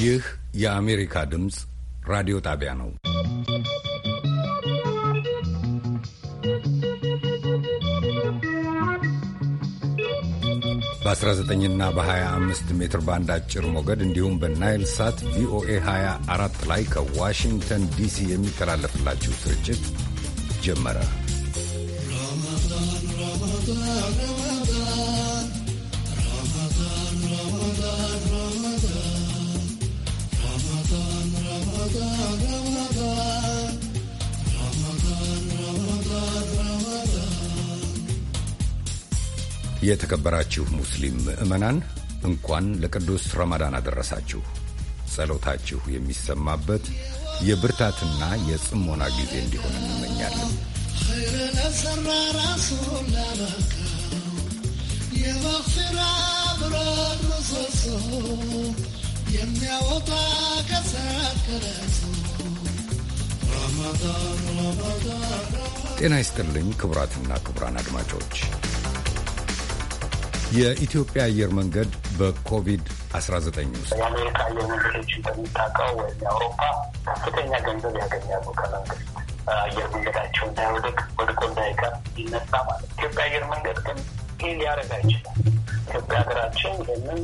ይህ የአሜሪካ ድምፅ ራዲዮ ጣቢያ ነው። በ19 እና በ25 ሜትር ባንድ አጭር ሞገድ እንዲሁም በናይል ሳት ቪኦኤ 24 ላይ ከዋሽንግተን ዲሲ የሚተላለፍላችሁ ስርጭት ጀመረ። የተከበራችሁ ሙስሊም ምዕመናን እንኳን ለቅዱስ ረማዳን አደረሳችሁ። ጸሎታችሁ የሚሰማበት የብርታትና የጽሞና ጊዜ እንዲሆን እንመኛለን። ጤና ይስጥልኝ ክቡራትና ክቡራን አድማጮች የኢትዮጵያ አየር መንገድ በኮቪድ-19 ውስጥ የአሜሪካ አየር መንገዶች እንደሚታውቀው ወይም የአውሮፓ ከፍተኛ ገንዘብ ያገኛሉ ከመንግስት አየር መንገዳቸው እንዳይወደቅ ወድቆ እንዳይቀር ይነሳ ማለት ኢትዮጵያ አየር መንገድ ግን ይህ ሊያደርግ አይችላል። ኢትዮጵያ ሀገራችን ይህንን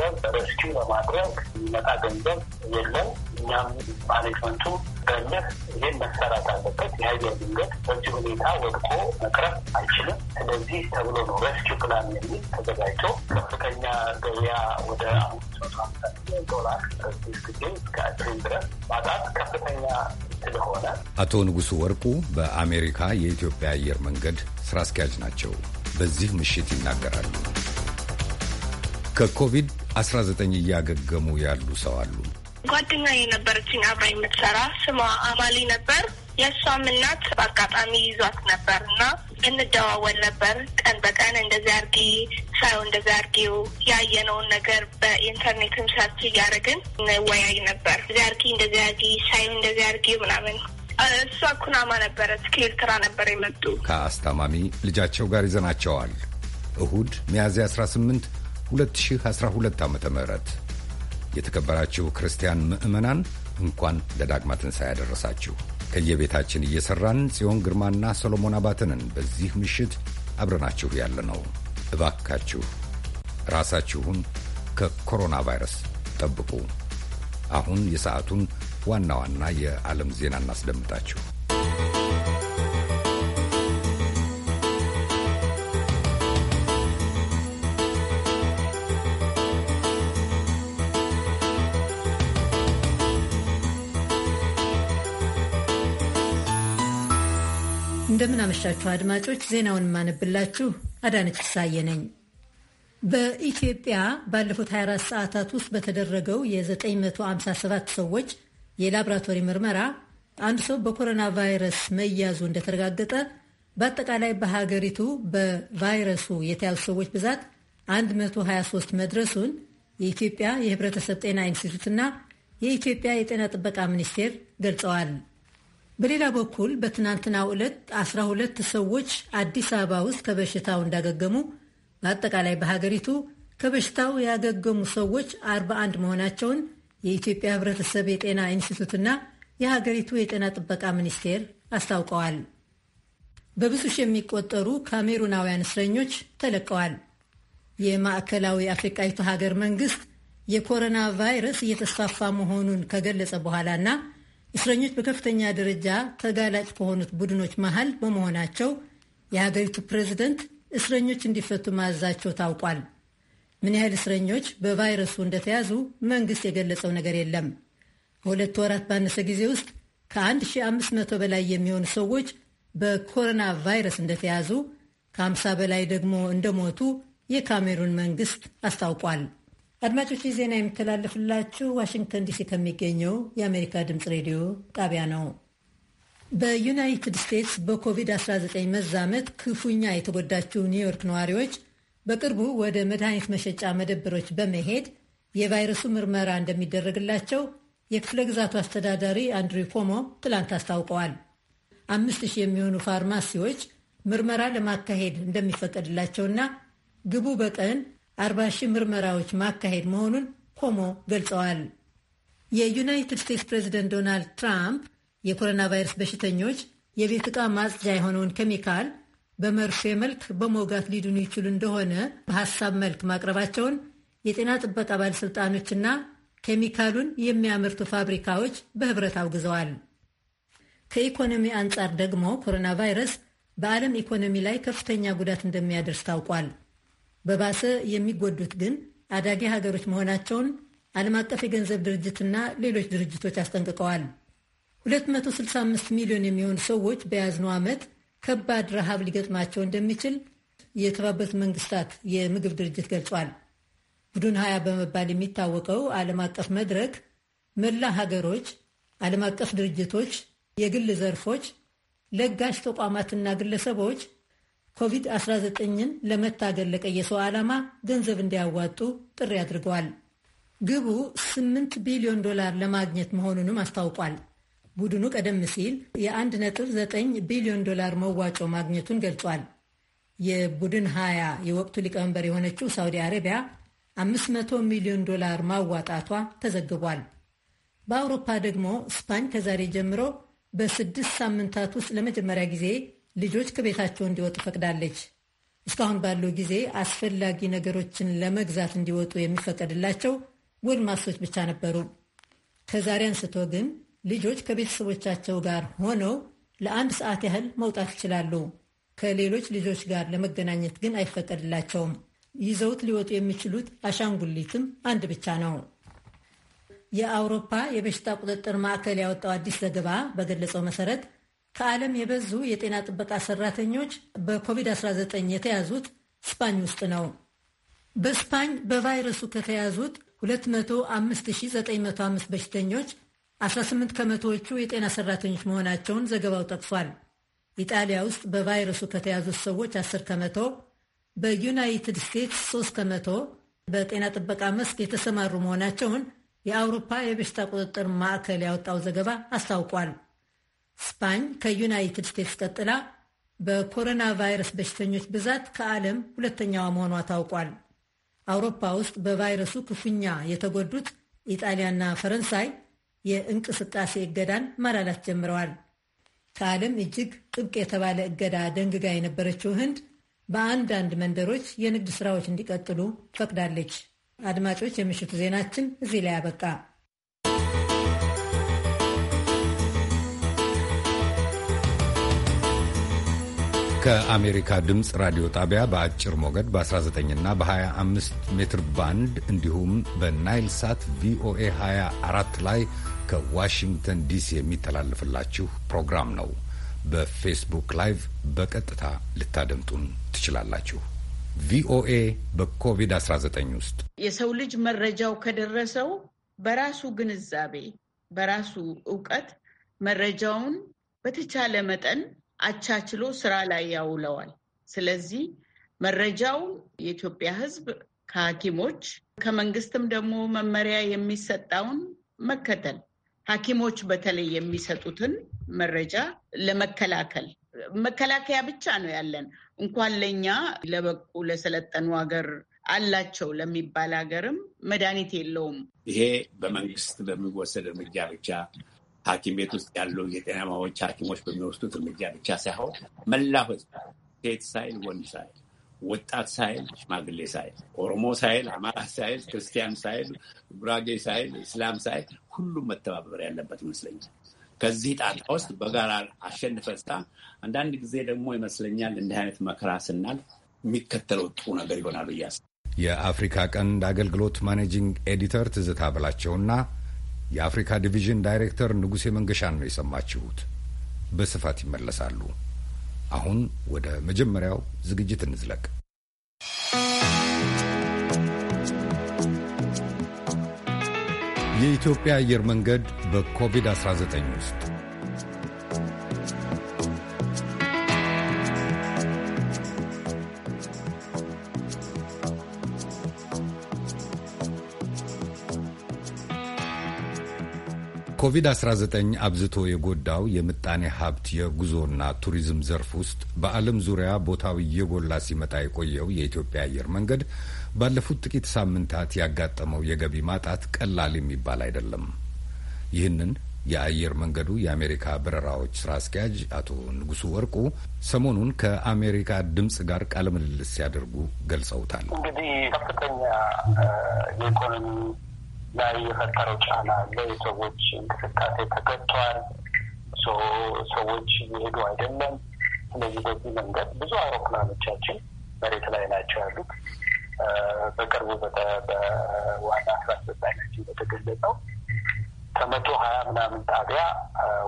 ገንዘብ ሬስኪው ለማድረግ የሚመጣ ገንዘብ የለም። እኛም ማኔጅመንቱ በእምነት ይህን መሰራት አለበት። የሀይል ድንገት በዚህ ሁኔታ ወድቆ መቅረብ አይችልም። ስለዚህ ተብሎ ነው ረስኪ ፕላን የሚል ተዘጋጅቶ ከፍተኛ ገበያ ወደ አምስት መቶ ሀምሳ ሚሊዮን ዶላር በዚህ ጊዜ እስከ ድረስ ማጣት ከፍተኛ ስለሆነ አቶ ንጉሱ ወርቁ በአሜሪካ የኢትዮጵያ አየር መንገድ ስራ አስኪያጅ ናቸው። በዚህ ምሽት ይናገራሉ። ከኮቪድ-19 እያገገሙ ያሉ ሰው አሉ። ጓደኛ የነበረችኝ አብራ የምትሰራ ስሟ አማሊ ነበር። የእሷም እናት በአጋጣሚ ይዟት ነበር እና እንደዋወል ነበር ቀን በቀን እንደዚህ አርጊ ሳይሆን እንደዚህ አርጊው ያየነውን ነገር በኢንተርኔትም ሰርች እያደረግን እንወያይ ነበር። እዚ አርጊ እንደዚህ አርጊ ሳይሆን እንደዚህ አርጊው ምናምን እሷ ኩናማ ነበረች፣ ከኤርትራ ነበር የመጡ። ከአስታማሚ ልጃቸው ጋር ይዘናቸዋል። እሁድ ሚያዝያ 18 2012 ዓ ም የተከበራችሁ ክርስቲያን ምዕመናን እንኳን ለዳግማ ትንሣኤ ያደረሳችሁ። ከየቤታችን እየሠራን ጽዮን ግርማና ሰሎሞን አባትንን በዚህ ምሽት አብረናችሁ ያለ ነው። እባካችሁ ራሳችሁን ከኮሮና ቫይረስ ጠብቁ። አሁን የሰዓቱን ዋና ዋና የዓለም ዜና እናስደምጣችሁ። እንደምን አመሻችሁ አድማጮች። ዜናውን የማነብላችሁ አዳነች ፍሳዬ ነኝ። በኢትዮጵያ ባለፉት 24 ሰዓታት ውስጥ በተደረገው የ957 ሰዎች የላብራቶሪ ምርመራ አንድ ሰው በኮሮና ቫይረስ መያዙ እንደተረጋገጠ በአጠቃላይ በሀገሪቱ በቫይረሱ የተያዙ ሰዎች ብዛት 123 መድረሱን የኢትዮጵያ የሕብረተሰብ ጤና ኢንስቲትዩትና የኢትዮጵያ የጤና ጥበቃ ሚኒስቴር ገልጸዋል። በሌላ በኩል በትናንትናው ዕለት 12 ሰዎች አዲስ አበባ ውስጥ ከበሽታው እንዳገገሙ በአጠቃላይ በሀገሪቱ ከበሽታው ያገገሙ ሰዎች 41 መሆናቸውን የኢትዮጵያ ሕብረተሰብ የጤና ኢንስቲቱትና የሀገሪቱ የጤና ጥበቃ ሚኒስቴር አስታውቀዋል። በብዙ ሺህ የሚቆጠሩ ካሜሩናውያን እስረኞች ተለቀዋል። የማዕከላዊ አፍሪቃዊቱ ሀገር መንግስት የኮሮና ቫይረስ እየተስፋፋ መሆኑን ከገለጸ በኋላና እስረኞች በከፍተኛ ደረጃ ተጋላጭ ከሆኑት ቡድኖች መሃል በመሆናቸው የሀገሪቱ ፕሬዝደንት እስረኞች እንዲፈቱ ማዛቸው ታውቋል። ምን ያህል እስረኞች በቫይረሱ እንደተያዙ መንግስት የገለጸው ነገር የለም። ከሁለት ወራት ባነሰ ጊዜ ውስጥ ከ1500 በላይ የሚሆኑ ሰዎች በኮሮና ቫይረስ እንደተያዙ ከ50 በላይ ደግሞ እንደሞቱ የካሜሩን መንግስት አስታውቋል። አድማጮች ዜና የሚተላለፍላችሁ ዋሽንግተን ዲሲ ከሚገኘው የአሜሪካ ድምፅ ሬዲዮ ጣቢያ ነው። በዩናይትድ ስቴትስ በኮቪድ-19 መዛመት ክፉኛ የተጎዳችው ኒውዮርክ ነዋሪዎች በቅርቡ ወደ መድኃኒት መሸጫ መደብሮች በመሄድ የቫይረሱ ምርመራ እንደሚደረግላቸው የክፍለ ግዛቱ አስተዳዳሪ አንድሪ ኮሞ ትላንት አስታውቀዋል። አምስት ሺህ የሚሆኑ ፋርማሲዎች ምርመራ ለማካሄድ እንደሚፈቀድላቸውና ግቡ በቀን አርባ ሺህ ምርመራዎች ማካሄድ መሆኑን ኮሞ ገልጸዋል። የዩናይትድ ስቴትስ ፕሬዚደንት ዶናልድ ትራምፕ የኮሮና ቫይረስ በሽተኞች የቤት ዕቃ ማጽጃ የሆነውን ኬሚካል በመርፌ መልክ በሞጋት ሊድኑ ይችሉ እንደሆነ በሐሳብ መልክ ማቅረባቸውን የጤና ጥበቃ ባለሥልጣኖችና ኬሚካሉን የሚያመርቱ ፋብሪካዎች በህብረት አውግዘዋል። ከኢኮኖሚ አንጻር ደግሞ ኮሮና ቫይረስ በዓለም ኢኮኖሚ ላይ ከፍተኛ ጉዳት እንደሚያደርስ ታውቋል። በባሰ የሚጎዱት ግን አዳጊ ሀገሮች መሆናቸውን ዓለም አቀፍ የገንዘብ ድርጅትና ሌሎች ድርጅቶች አስጠንቅቀዋል። 265 ሚሊዮን የሚሆኑ ሰዎች በያዝነው ዓመት ከባድ ረሃብ ሊገጥማቸው እንደሚችል የተባበሩት መንግስታት የምግብ ድርጅት ገልጿል። ቡድን ሀያ በመባል የሚታወቀው ዓለም አቀፍ መድረክ መላ ሀገሮች፣ ዓለም አቀፍ ድርጅቶች፣ የግል ዘርፎች፣ ለጋሽ ተቋማትና ግለሰቦች ኮቪድ-19ን ለመታገል ለቀየሰው ዓላማ ገንዘብ እንዲያዋጡ ጥሪ አድርገዋል። ግቡ 8 ቢሊዮን ዶላር ለማግኘት መሆኑንም አስታውቋል። ቡድኑ ቀደም ሲል የ1.9 ቢሊዮን ዶላር መዋጮ ማግኘቱን ገልጿል። የቡድን 20 የወቅቱ ሊቀመንበር የሆነችው ሳውዲ አረቢያ 500 ሚሊዮን ዶላር ማዋጣቷ ተዘግቧል። በአውሮፓ ደግሞ ስፓኝ ከዛሬ ጀምሮ በስድስት ሳምንታት ውስጥ ለመጀመሪያ ጊዜ ልጆች ከቤታቸው እንዲወጡ ፈቅዳለች። እስካሁን ባለው ጊዜ አስፈላጊ ነገሮችን ለመግዛት እንዲወጡ የሚፈቀድላቸው ጎልማሶች ብቻ ነበሩ። ከዛሬ አንስቶ ግን ልጆች ከቤተሰቦቻቸው ጋር ሆነው ለአንድ ሰዓት ያህል መውጣት ይችላሉ። ከሌሎች ልጆች ጋር ለመገናኘት ግን አይፈቀድላቸውም። ይዘውት ሊወጡ የሚችሉት አሻንጉሊትም አንድ ብቻ ነው። የአውሮፓ የበሽታ ቁጥጥር ማዕከል ያወጣው አዲስ ዘገባ በገለጸው መሰረት ከዓለም የበዙ የጤና ጥበቃ ሰራተኞች በኮቪድ-19 የተያዙት ስፓኝ ውስጥ ነው። በስፓኝ በቫይረሱ ከተያዙት 205,905 በሽተኞች 18 ከመቶዎቹ የጤና ሰራተኞች መሆናቸውን ዘገባው ጠቅሷል። ኢጣሊያ ውስጥ በቫይረሱ ከተያዙት ሰዎች 10 ከመቶ፣ በዩናይትድ ስቴትስ 3 ከመቶ በጤና ጥበቃ መስክ የተሰማሩ መሆናቸውን የአውሮፓ የበሽታ ቁጥጥር ማዕከል ያወጣው ዘገባ አስታውቋል። ስፓኝ ከዩናይትድ ስቴትስ ቀጥላ በኮሮና ቫይረስ በሽተኞች ብዛት ከዓለም ሁለተኛዋ መሆኗ ታውቋል። አውሮፓ ውስጥ በቫይረሱ ክፉኛ የተጎዱት ኢጣሊያና ፈረንሳይ የእንቅስቃሴ እገዳን ማላላት ጀምረዋል። ከዓለም እጅግ ጥብቅ የተባለ እገዳ ደንግጋ የነበረችው ህንድ በአንዳንድ መንደሮች የንግድ ሥራዎች እንዲቀጥሉ ፈቅዳለች። አድማጮች፣ የምሽቱ ዜናችን እዚህ ላይ አበቃ። ከአሜሪካ ድምፅ ራዲዮ ጣቢያ በአጭር ሞገድ በ19 እና በ25 ሜትር ባንድ እንዲሁም በናይል ሳት ቪኦኤ 24 ላይ ከዋሽንግተን ዲሲ የሚተላለፍላችሁ ፕሮግራም ነው። በፌስቡክ ላይቭ በቀጥታ ልታደምጡን ትችላላችሁ። ቪኦኤ በኮቪድ-19 ውስጥ የሰው ልጅ መረጃው ከደረሰው በራሱ ግንዛቤ፣ በራሱ እውቀት መረጃውን በተቻለ መጠን አቻችሎ ስራ ላይ ያውለዋል። ስለዚህ መረጃውን የኢትዮጵያ ሕዝብ ከሐኪሞች ከመንግስትም ደግሞ መመሪያ የሚሰጣውን መከተል ሐኪሞች በተለይ የሚሰጡትን መረጃ ለመከላከል መከላከያ ብቻ ነው ያለን። እንኳን ለእኛ ለበቁ ለሰለጠኑ ሀገር አላቸው ለሚባል ሀገርም መድኃኒት የለውም። ይሄ በመንግስት በሚወሰድ እርምጃ ብቻ ሐኪም ቤት ውስጥ ያሉ የጤና ማዎች ሐኪሞች በሚወስዱት እርምጃ ብቻ ሳይሆን መላው ሕዝብ ሴት ሳይል ወንድ ሳይል ወጣት ሳይል ሽማግሌ ሳይል ኦሮሞ ሳይል አማራ ሳይል ክርስቲያን ሳይል ጉራጌ ሳይል እስላም ሳይል ሁሉም መተባበር ያለበት ይመስለኛል። ከዚህ ጣጣ ውስጥ በጋራ አሸንፈሳ አንዳንድ ጊዜ ደግሞ ይመስለኛል እንዲህ አይነት መከራ ስናል የሚከተለው ጥሩ ነገር ይሆናሉ እያስ የአፍሪካ ቀንድ አገልግሎት ማኔጂንግ ኤዲተር ትዝታ ብላቸውና የአፍሪካ ዲቪዥን ዳይሬክተር ንጉሴ መንገሻን ነው የሰማችሁት። በስፋት ይመለሳሉ። አሁን ወደ መጀመሪያው ዝግጅት እንዝለቅ። የኢትዮጵያ አየር መንገድ በኮቪድ-19 ውስጥ ኮቪድ-19 አብዝቶ የጎዳው የምጣኔ ሀብት የጉዞና ቱሪዝም ዘርፍ ውስጥ በዓለም ዙሪያ ቦታው እየጎላ ሲመጣ የቆየው የኢትዮጵያ አየር መንገድ ባለፉት ጥቂት ሳምንታት ያጋጠመው የገቢ ማጣት ቀላል የሚባል አይደለም። ይህንን የአየር መንገዱ የአሜሪካ በረራዎች ስራ አስኪያጅ አቶ ንጉሱ ወርቁ ሰሞኑን ከአሜሪካ ድምፅ ጋር ቃለ ምልልስ ሲያደርጉ ገልጸውታል። እንግዲህ ከፍተኛ የኢኮኖሚ ላይ የፈጠረው ጫና አለ። የሰዎች እንቅስቃሴ ተገድቷል። ሰዎች እየሄዱ አይደለም። ስለዚህ በዚህ መንገድ ብዙ አውሮፕላኖቻችን መሬት ላይ ናቸው ያሉት። በቅርቡ በዋና ስራ አስፈጻሚያችን በተገለጸው ከመቶ ሀያ ምናምን ጣቢያ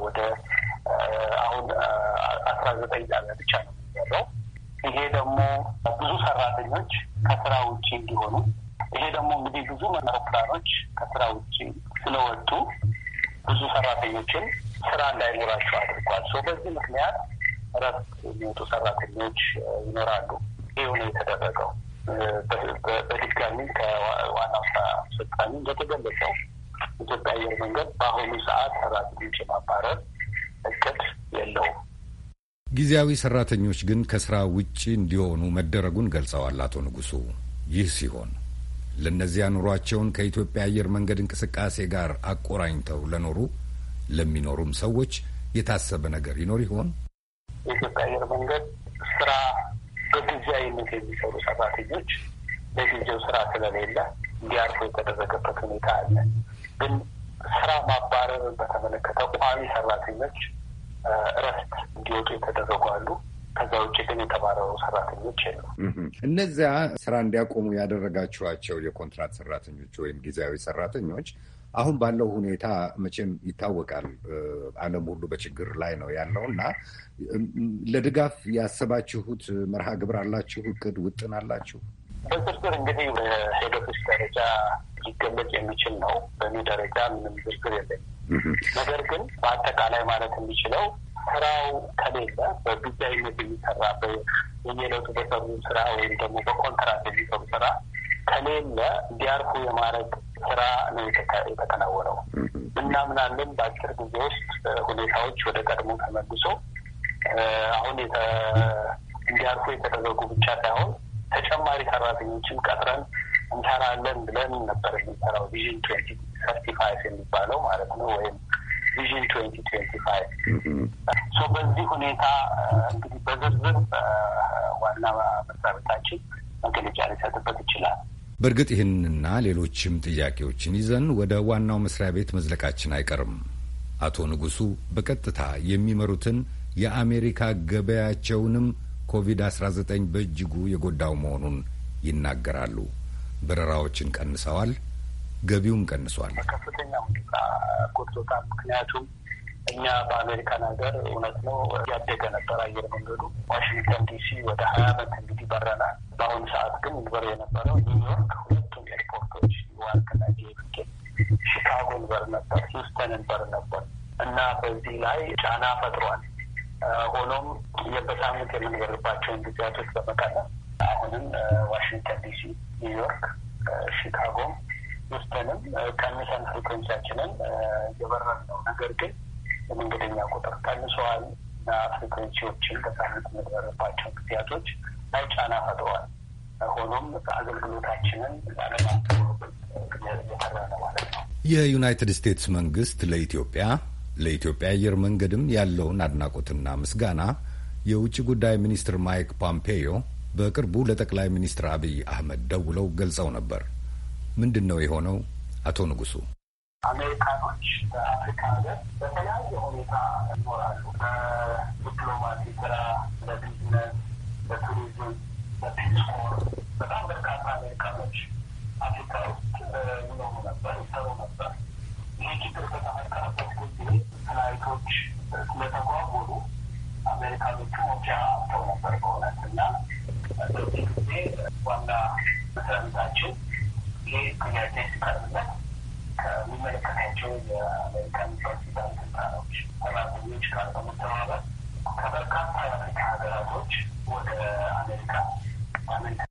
ወደ አሁን አስራ ዘጠኝ ጣቢያ ብቻ ነው የሚያለው። ይሄ ደግሞ ብዙ ሰራተኞች ከስራ ውጭ እንዲሆኑ ይሄ ደግሞ እንግዲህ ብዙ አውሮፕላኖች ከስራ ውጭ ስለወጡ ብዙ ሰራተኞችን ስራ እንዳይኖራቸው አድርጓል። በዚህ ምክንያት እረፍት የሚወጡ ሰራተኞች uh, ይኖራሉ። ይህ ሆነ የተደረገው uh, በድጋሚ ከዋናው ስራ አስፈጻሚ እንደተገለጸው ኢትዮጵያ አየር መንገድ በአሁኑ ሰዓት ሰራተኞች የማባረር እቅድ የለውም። ጊዜያዊ ሰራተኞች ግን ከስራ ውጪ እንዲሆኑ መደረጉን ገልጸዋል አቶ ንጉሱ። ይህ ሲሆን ለእነዚያ ኑሯቸውን ከኢትዮጵያ አየር መንገድ እንቅስቃሴ ጋር አቆራኝተው ለኖሩ ለሚኖሩም ሰዎች የታሰበ ነገር ይኖር ይሆን? የኢትዮጵያ አየር መንገድ ስራ አይነት የሚሰሩ ሰራተኞች በጊዜው ስራ ስለሌለ እንዲያርፉ የተደረገበት ሁኔታ አለ። ግን ስራ ማባረርን በተመለከተ ቋሚ ሰራተኞች እረፍት እንዲወጡ የተደረጉ አሉ። ከዛ ውጭ ግን የተባረሩ ሰራተኞች የሉ። እነዚያ ስራ እንዲያቆሙ ያደረጋችኋቸው የኮንትራት ሰራተኞች ወይም ጊዜያዊ ሰራተኞች አሁን ባለው ሁኔታ መቼም ይታወቃል፣ ዓለም ሁሉ በችግር ላይ ነው ያለው እና ለድጋፍ ያሰባችሁት መርሃ ግብር አላችሁ? እቅድ ውጥን አላችሁ? በዝርዝር እንግዲህ በሄድ ኦፊስ ደረጃ ሊገለጽ የሚችል ነው። በእኔ ደረጃ ምንም ዝርዝር የለኝም። ነገር ግን በአጠቃላይ ማለት የሚችለው ስራው ከሌለ በጊዜያዊነት የሚሰራ በየለቱ በሰሩ ስራ ወይም ደግሞ በኮንትራት የሚሰሩ ስራ ከሌለ እንዲያርፉ የማድረግ ስራ ነው የተከናወነው። እናምናለን በአጭር ጊዜ ውስጥ ሁኔታዎች ወደ ቀድሞ ተመልሶ አሁን እንዲያርፉ የተደረጉ ብቻ ሳይሆን ተጨማሪ ሰራተኞችን ቀጥረን እንሰራለን ብለን ነበር የሚሰራው ቪዥን ትዌንቲ ሰርቲ የሚባለው ማለት ነው ወይም ቪዥን ትዌንቲ ትዌንቲ ፋይቭ በዚህ ሁኔታ uh, እንግዲህ በዝርዝር uh, ዋና መስሪያ ቤታችን መግለጫ ሊሰጥበት ይችላል። በእርግጥ ይህንና ሌሎችም ጥያቄዎችን ይዘን ወደ ዋናው መስሪያ ቤት መዝለቃችን አይቀርም። አቶ ንጉሱ በቀጥታ የሚመሩትን የአሜሪካ ገበያቸውንም ኮቪድ-19 በእጅጉ የጎዳው መሆኑን ይናገራሉ። በረራዎችን ቀንሰዋል። ገቢውም ቀንሷል። በከፍተኛ ሁኔታ ጎድቶታል። ምክንያቱም እኛ በአሜሪካን ሀገር እውነት ነው እያደገ ነበር አየር መንገዱ ዋሽንግተን ዲሲ ወደ ሀያ አመት እንግዲህ በረናል። በአሁኑ ሰዓት ግን ንበር የነበረው ኒውዮርክ ሁለቱም ኤርፖርቶች ኒውዮርክና ጄፍኬ ሺካጎን ንበር ነበር፣ ሂውስተን ንበር ነበር እና በዚህ ላይ ጫና ፈጥሯል። ሆኖም በሳምንት የምንበርባቸውን ጊዜያቶች በመቀነስ አሁንም ዋሽንግተን ዲሲ፣ ኒውዮርክ፣ ሺካጎ ውስጥንም ቀንሰን ፍሪኮንሲያችንን እየበረር ነው። ነገር ግን የመንገደኛ ቁጥር ቀንሰዋል እና ፍሪኮንሲዎችን በሳምንት የምንበርባቸው ጊዜያቶች ላይ ጫና ፈጥሯል። ሆኖም አገልግሎታችንን ላለማተወበት እየሰራ ነው ማለት ነው። የዩናይትድ ስቴትስ መንግስት ለኢትዮጵያ ለኢትዮጵያ አየር መንገድም ያለውን አድናቆትና ምስጋና የውጭ ጉዳይ ሚኒስትር ማይክ ፖምፔዮ በቅርቡ ለጠቅላይ ሚኒስትር አብይ አህመድ ደውለው ገልጸው ነበር። ምንድን ነው የሆነው? አቶ ንጉሱ አሜሪካኖች በአፍሪካ ሀገር በተለያየ ሁኔታ ይኖራሉ። በዲፕሎማሲ ስራ፣ በቢዝነስ፣ በቱሪዝም፣ በፒስፖር በጣም በርካታ አሜሪካኖች አፍሪካ ውስጥ ይኖሩ ነበር፣ ይሰሩ ነበር። ይህ ችግር በተፈጠረበት ጊዜ ፍላይቶች ስለተጓጎሉ አሜሪካኖቹ መውጫ አጥተው ነበር በእውነት እና በዚህ ጊዜ ዋና መስሪያ ቤታችን ይህ ጥያቄ ሲቀርብለት ከሚመለከታቸው የአሜሪካን ፋሲባል ስልጣኖች ሰራተኞች ጋር በመተባበር ከበርካታ የአፍሪካ ሀገራቶች ወደ አሜሪካ አሜሪካ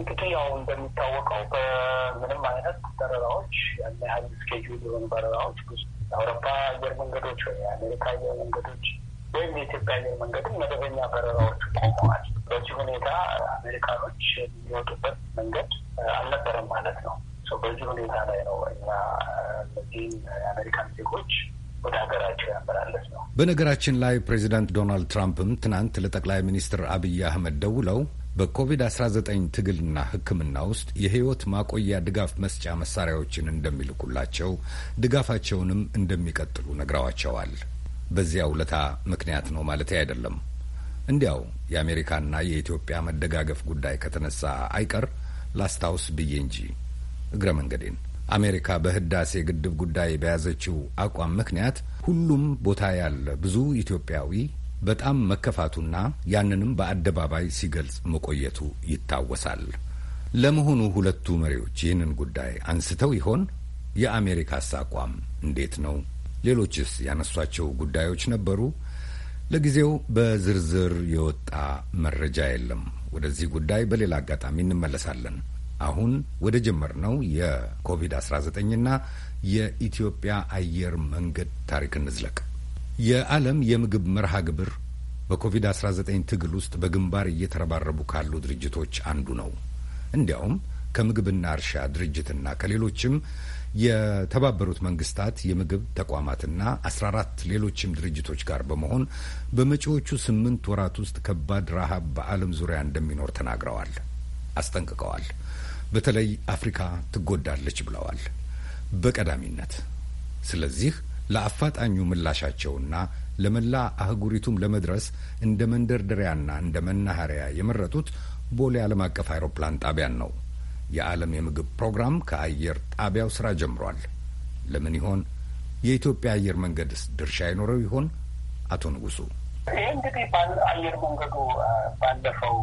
እንግዲህ ያው እንደሚታወቀው በምንም አይነት በረራዎች ያን ያህል ስኬጁል የሆኑ በረራዎች ብዙ የአውሮፓ አየር መንገዶች ወይ የአሜሪካ አየር መንገዶች ወይም የኢትዮጵያ አየር መንገድም መደበኛ በረራዎች ቆመዋል። በዚህ ሁኔታ አሜሪካኖች የሚወጡበት መንገድ አልነበረም ማለት ነው። በዚህ ሁኔታ ላይ ነው እኛ እነዚህም የአሜሪካን ዜጎች ወደ ሀገራቸው ያመላለስ ነው። በነገራችን ላይ ፕሬዚዳንት ዶናልድ ትራምፕም ትናንት ለጠቅላይ ሚኒስትር አብይ አህመድ ደውለው በኮቪድ-19 ትግልና ሕክምና ውስጥ የህይወት ማቆያ ድጋፍ መስጫ መሳሪያዎችን እንደሚልኩላቸው ድጋፋቸውንም እንደሚቀጥሉ ነግረዋቸዋል። በዚያ ውለታ ምክንያት ነው ማለት አይደለም። እንዲያው የአሜሪካና የኢትዮጵያ መደጋገፍ ጉዳይ ከተነሳ አይቀር ላስታውስ ብዬ እንጂ እግረ መንገዴን አሜሪካ በህዳሴ ግድብ ጉዳይ በያዘችው አቋም ምክንያት ሁሉም ቦታ ያለ ብዙ ኢትዮጵያዊ በጣም መከፋቱና ያንንም በአደባባይ ሲገልጽ መቆየቱ ይታወሳል። ለመሆኑ ሁለቱ መሪዎች ይህንን ጉዳይ አንስተው ይሆን? የአሜሪካስ አቋም እንዴት ነው? ሌሎችስ ያነሷቸው ጉዳዮች ነበሩ። ለጊዜው በዝርዝር የወጣ መረጃ የለም። ወደዚህ ጉዳይ በሌላ አጋጣሚ እንመለሳለን። አሁን ወደ ጀመርነው የኮቪድ-19ና የኢትዮጵያ አየር መንገድ ታሪክ እንዝለቅ። የዓለም የምግብ መርሃ ግብር በኮቪድ-19 ትግል ውስጥ በግንባር እየተረባረቡ ካሉ ድርጅቶች አንዱ ነው። እንዲያውም ከምግብና እርሻ ድርጅትና ከሌሎችም የተባበሩት መንግስታት የምግብ ተቋማትና 14 ሌሎችም ድርጅቶች ጋር በመሆን በመጪዎቹ ስምንት ወራት ውስጥ ከባድ ረሃብ በዓለም ዙሪያ እንደሚኖር ተናግረዋል፣ አስጠንቅቀዋል። በተለይ አፍሪካ ትጎዳለች ብለዋል በቀዳሚነት። ስለዚህ ለአፋጣኙ ምላሻቸውና ለመላ አህጉሪቱም ለመድረስ እንደ መንደርደሪያና እንደ መናኸሪያ የመረጡት ቦሌ ዓለም አቀፍ አውሮፕላን ጣቢያን ነው። የዓለም የምግብ ፕሮግራም ከአየር ጣቢያው ስራ ጀምሯል። ለምን ይሆን? የኢትዮጵያ አየር መንገድስ ድርሻ ይኖረው ይሆን? አቶ ንጉሱ ይህ እንግዲህ አየር መንገዱ ባለፈው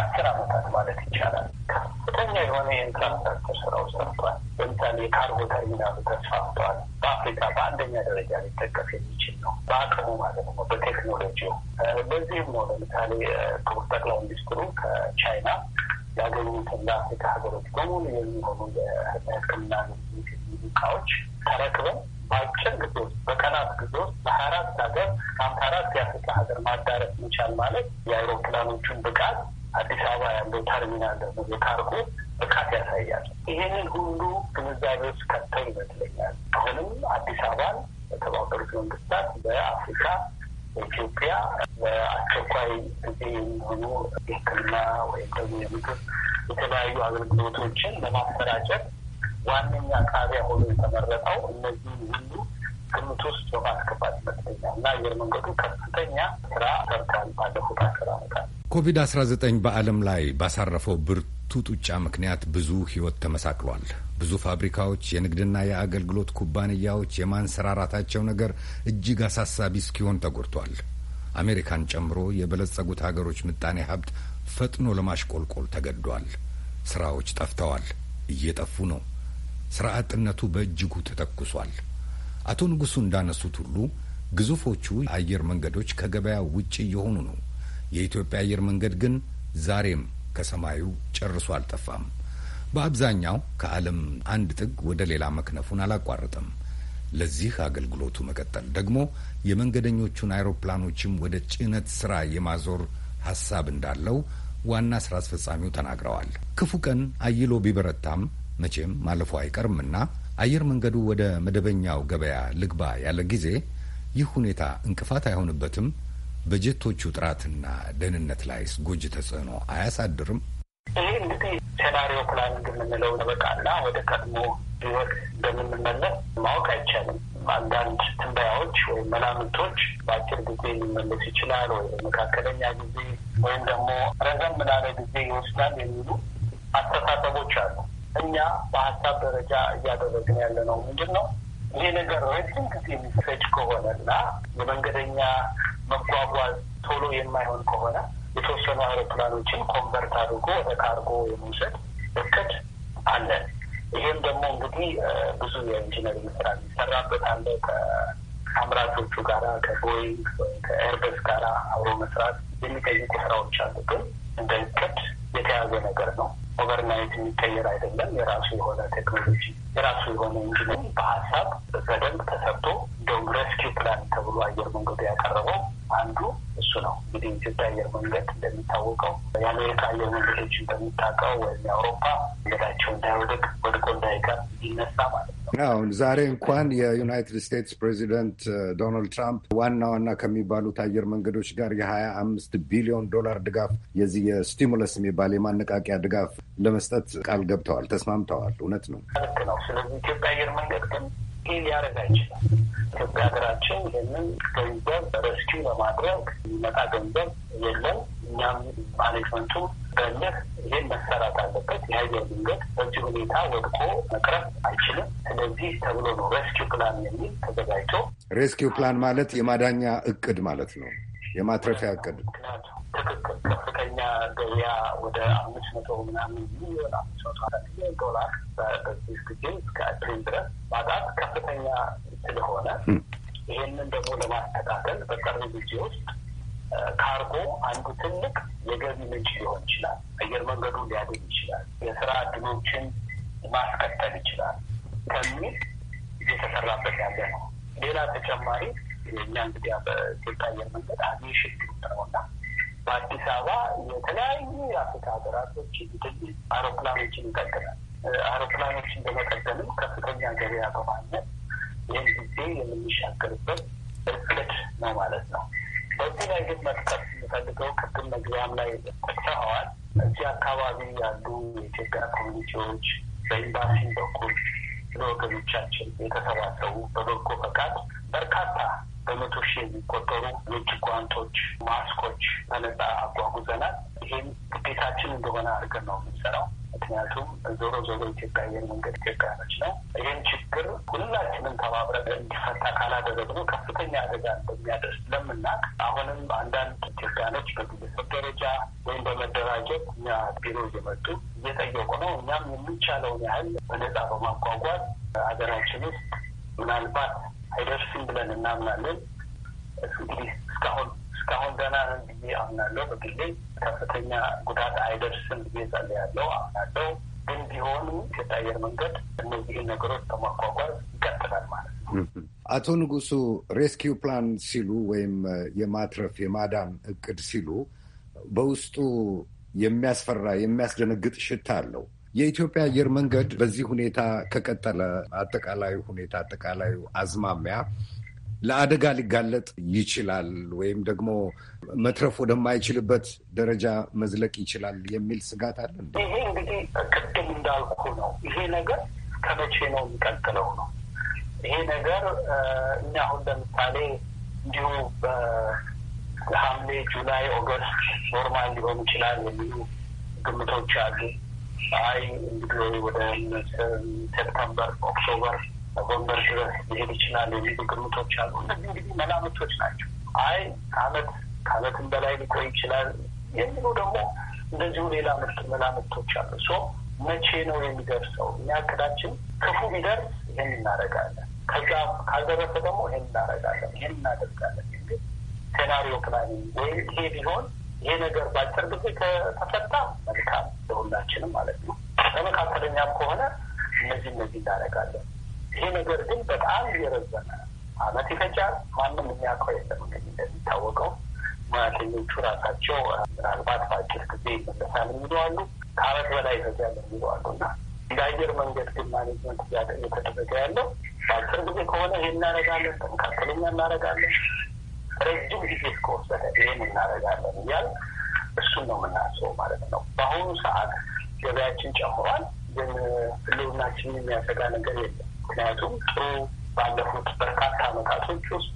አስር ዓመታት ማለት ይቻላል ከፍተኛ የሆነ የኢንፍራስትራክቸር ስራው ሰርቷል። ለምሳሌ የካርጎ ተርሚናሉ ተስፋፍቷል። በአፍሪካ በአንደኛ ደረጃ ሊጠቀስ የሚችል ነው፣ በአቅሙ ማለት ነው፣ በቴክኖሎጂው። በዚህም ነው ለምሳሌ ክቡር ጠቅላይ ሚኒስትሩ ከቻይና ያገኙትና የአፍሪካ ሀገሮች በሙሉ የሚሆኑ የሕክምና አገልግሎት እቃዎች ተረክበን በአጭር ጊዜ ውስጥ በቀናት ጊዜ ውስጥ በሀያ አራት ሀገር ከሀምሳ አራት የአፍሪካ ሀገር ማዳረስ መቻል ማለት የአውሮፕላኖቹን ብቃት አዲስ አበባ ያለው ተርሚናል ደግሞ የካርጎ ብቃት ያሳያል። ይህንን ሁሉ ግንዛቤ ውስጥ ከተው ይመስለኛል አሁንም አዲስ አበባን በተባበሩት መንግስታት በአፍሪካ በኢትዮጵያ በአስቸኳይ ጊዜ የሚሆኑ የሕክምና ወይም ደግሞ የምግብ የተለያዩ አገልግሎቶችን ለማሰራጨት ዋነኛ ጣቢያ ሆኖ የተመረጠው እነዚህ ሁሉ ግምት ውስጥ በማስገባት ይመስለኛል እና አየር መንገዱ ከፍተኛ ስራ ሰርቷል ባለፉት አስር አመታት ኮቪድ አስራ ዘጠኝ በዓለም ላይ ባሳረፈው ብርቱ ጡጫ ምክንያት ብዙ ህይወት ተመሳክሏል። ብዙ ፋብሪካዎች፣ የንግድና የአገልግሎት ኩባንያዎች የማንሰራራታቸው ነገር እጅግ አሳሳቢ እስኪሆን ተጎድቷል። አሜሪካን ጨምሮ የበለጸጉት ሀገሮች ምጣኔ ሀብት ፈጥኖ ለማሽቆልቆል ተገዷል። ስራዎች ጠፍተዋል፣ እየጠፉ ነው። ስራ አጥነቱ በእጅጉ ተተኩሷል። አቶ ንጉሱ እንዳነሱት ሁሉ ግዙፎቹ አየር መንገዶች ከገበያ ውጭ እየሆኑ ነው። የኢትዮጵያ አየር መንገድ ግን ዛሬም ከሰማዩ ጨርሶ አልጠፋም። በአብዛኛው ከዓለም አንድ ጥግ ወደ ሌላ መክነፉን አላቋረጠም። ለዚህ አገልግሎቱ መቀጠል ደግሞ የመንገደኞቹን አይሮፕላኖችም ወደ ጭነት ስራ የማዞር ሀሳብ እንዳለው ዋና ስራ አስፈጻሚው ተናግረዋል። ክፉ ቀን አይሎ ቢበረታም መቼም ማለፉ አይቀርምና አየር መንገዱ ወደ መደበኛው ገበያ ልግባ ያለ ጊዜ ይህ ሁኔታ እንቅፋት አይሆንበትም? በጀቶቹ ጥራትና ደህንነት ላይ ጎጂ ተጽዕኖ አያሳድርም? ይህ እንግዲህ ሴናሪዮ ፕላን የምንለው በቃና ወደ ቀድሞ ህይወት እንደምንመለስ ማወቅ አይቻልም። አንዳንድ ትንበያዎች ወይም መላምቶች በአጭር ጊዜ ሊመለስ ይችላል ወይ መካከለኛ ጊዜ ወይም ደግሞ ረዘም ላለ ጊዜ ይወስዳል የሚሉ አስተሳሰቦች አሉ። እኛ በሀሳብ ደረጃ እያደረግን ያለ ነው ምንድን ነው ይሄ ነገር ረጅም ጊዜ የሚፈጅ ከሆነ እና የመንገደኛ መጓጓዝ ቶሎ የማይሆን ከሆነ የተወሰኑ አውሮፕላኖችን ኮንቨርት አድርጎ ወደ ካርጎ የመውሰድ እቅድ አለን። ይህም ደግሞ እንግዲህ ብዙ የኢንጂነሪንግ ስራ የሚሰራበት አለ። ከአምራቾቹ ጋራ ከቦይንግ ከኤርበስ ጋራ አብሮ መስራት የሚጠይቁ ስራዎች አሉ። ግን እንደ እቅድ የተያዘ ነገር ነው። ኦቨርናይት የሚቀየር አይደለም። የራሱ የሆነ ቴክኖሎጂ የራሱ የሆነ ኢንጂነሪንግ በሀሳብ በደንብ ተሰርቶ እንደውም ረስኪው ፕላን ተብሎ አየር መንገዱ ያቀረበው አንዱ እሱ ነው። እንግዲህ ኢትዮጵያ አየር መንገድ እንደሚታወቀው የአሜሪካ አየር መንገዶች እንደሚታወቀው ወይም የአውሮፓ መንገዳቸው እንዳይወደቅ ወድቆ እንዳይቀር ይነሳ ማለት ነው። አሁን ዛሬ እንኳን የዩናይትድ ስቴትስ ፕሬዚደንት ዶናልድ ትራምፕ ዋና ዋና ከሚባሉት አየር መንገዶች ጋር የሀያ አምስት ቢሊዮን ዶላር ድጋፍ የዚህ የስቲሙለስ የሚባል የማነቃቂያ ድጋፍ ለመስጠት ቃል ገብተዋል፣ ተስማምተዋል። እውነት ነው። ልክ ነው። ስለዚህ ኢትዮጵያ አየር መንገድ ግን ይህ ሊያደርግ አይችላል። ኢትዮጵያ ሀገራችን ይህንን ገንዘብ ሬስኪው ለማድረግ የሚመጣ ገንዘብ የለም። እኛም ማኔጅመንቱ በልህ ይህን መሰራት አለበት። የአየር መንገድ በዚህ ሁኔታ ወድቆ መቅረብ አይችልም። ስለዚህ ተብሎ ነው ሬስኪው ፕላን የሚል ተዘጋጅቶ ሬስኪው ፕላን ማለት የማዳኛ እቅድ ማለት ነው፣ የማትረፊያ እቅድ ትክክል ከፍተኛ ገበያ ወደ አምስት መቶ ምናምን ሚሊዮን አምስት መቶ አራት ሚሊዮን ዶላር በዚህ ጊዜ እስከ አፕሪል ድረስ ማጣት ከፍተኛ ስለሆነ ይህንን ደግሞ ለማስተካከል በቀሪ ጊዜ ውስጥ ካርጎ አንዱ ትልቅ የገቢ ምንጭ ሊሆን ይችላል። አየር መንገዱ ሊያገኝ ይችላል። የስራ እድሎችን ማስቀጠል ይችላል ከሚል እየተሰራበት ያለ ነው። ሌላ ተጨማሪ የእኛ እንግዲያ በኢትዮጵያ አየር መንገድ አቪዬሽን ነው እና በአዲስ አበባ የተለያዩ የአፍሪካ ሀገራቶች አውሮፕላኖችን ይቀጥላል። አውሮፕላኖችን በመጠቀምም ከፍተኛ ገበያ በማግኘት ይህን ጊዜ የምንሻገርበት እቅድ ነው ማለት ነው። በዚህ ላይ ግን መጥቀስ የምፈልገው ቅድም መግቢያም ላይ ጠቅሰዋል። እዚህ አካባቢ ያሉ የኢትዮጵያ ኮሚኒቲዎች በኤምባሲ በኩል ለወገኖቻችን የተሰባሰቡ በበጎ ፈቃድ በርካታ በመቶ ሺህ የሚቆጠሩ የእጅ ጓንቶች፣ ማስኮች በነጻ አጓጉዘናል። ይህም ግዴታችን እንደሆነ አድርገን ነው የምንሰራው። ምክንያቱም ዞሮ ዞሮ ኢትዮጵያ አየር መንገድ ኢትዮጵያኖች ነው። ይህን ችግር ሁላችንም ተባብረን እንዲፈታ ካላደረግነው ከፍተኛ አደጋ እንደሚያደርስ ስለምናቅ አሁንም አንዳንድ ኢትዮጵያኖች በግለሰብ ደረጃ ወይም በመደራጀት እኛ ቢሮ እየመጡ እየጠየቁ ነው። እኛም የሚቻለውን ያህል በነጻ በማጓጓዝ ሀገራችን ውስጥ ምናልባት አይደርስም ብለን እናምናለን። እንግዲህ እስካሁን እስካሁን ደህና ነን ብዬ አምናለሁ። በግሌ ከፍተኛ ጉዳት አይደርስም ብዬ ጸልያለሁ፣ አምናለሁ። ግን ቢሆኑ ኢትዮጵያ አየር መንገድ እነዚህን ነገሮች ከማጓጓዝ ይቀጥላል ማለት ነው። አቶ ንጉሱ ሬስኪው ፕላን ሲሉ ወይም የማትረፍ የማዳን እቅድ ሲሉ በውስጡ የሚያስፈራ የሚያስደነግጥ ሽታ አለው። የኢትዮጵያ አየር መንገድ በዚህ ሁኔታ ከቀጠለ አጠቃላዩ ሁኔታ አጠቃላዩ አዝማሚያ ለአደጋ ሊጋለጥ ይችላል ወይም ደግሞ መትረፍ ወደማይችልበት ደረጃ መዝለቅ ይችላል የሚል ስጋት አለ። ይሄ እንግዲህ ቅድም እንዳልኩ ነው። ይሄ ነገር ከመቼ ነው የሚቀጥለው ነው። ይሄ ነገር እኛ አሁን ለምሳሌ እንዲሁ ሐምሌ፣ ጁላይ፣ ኦገስት ኖርማል ሊሆን ይችላል የሚሉ ግምቶች አሉ። አይ እንግዲህ ወደ ሴፕተምበር፣ ኦክቶበር ጎንደር ድረስ ሊሄድ ይችላል የሚሉ ግምቶች አሉ። እነዚህ እንግዲህ መላምቶች ናቸው። አይ ከአመት ከአመትም በላይ ሊቆይ ይችላል የሚሉ ደግሞ እንደዚሁ ሌላ ምርት መላምቶች አሉ። ሶ መቼ ነው የሚደርሰው? እኛ እቅዳችን ክፉ ቢደርስ ይህን እናደርጋለን፣ ከዛ ካልደረሰ ደግሞ ይህን እናደርጋለን፣ ይህን እናደርጋለን የሚል ሴናሪዮ ፕላኒንግ ወይም ይሄ ቢሆን ይሄ ነገር በአጭር ጊዜ ተፈታ መልካም ለሁላችንም ማለት ነው። በመካከለኛም ከሆነ እነዚህ እነዚህ እናደርጋለን ይሄ ነገር ግን በጣም የረዘመ አመት ይፈጃል። ማንም የሚያውቀው የለም። እንግዲህ እንደሚታወቀው ሙያተኞቹ ራሳቸው ምናልባት በአጭር ጊዜ ይመለሳል የሚለዋሉ፣ ከአመት በላይ ይፈጃል የሚለዋሉ እና እንደ አየር መንገድ ግን ማኔጅመንት እየተደረገ ያለው በአጭር ጊዜ ከሆነ ይሄ እናረጋለን፣ በመካከለኛ እናረጋለን፣ ረጅም ጊዜ እስከወሰደ ይህን እናረጋለን እያል እሱን ነው የምናስበው ማለት ነው። በአሁኑ ሰዓት ገበያችን ጨምሯል፣ ግን ህልውናችንን የሚያሰጋ ነገር የለም። ምክንያቱም ጥሩ ባለፉት በርካታ አመታቶች ውስጥ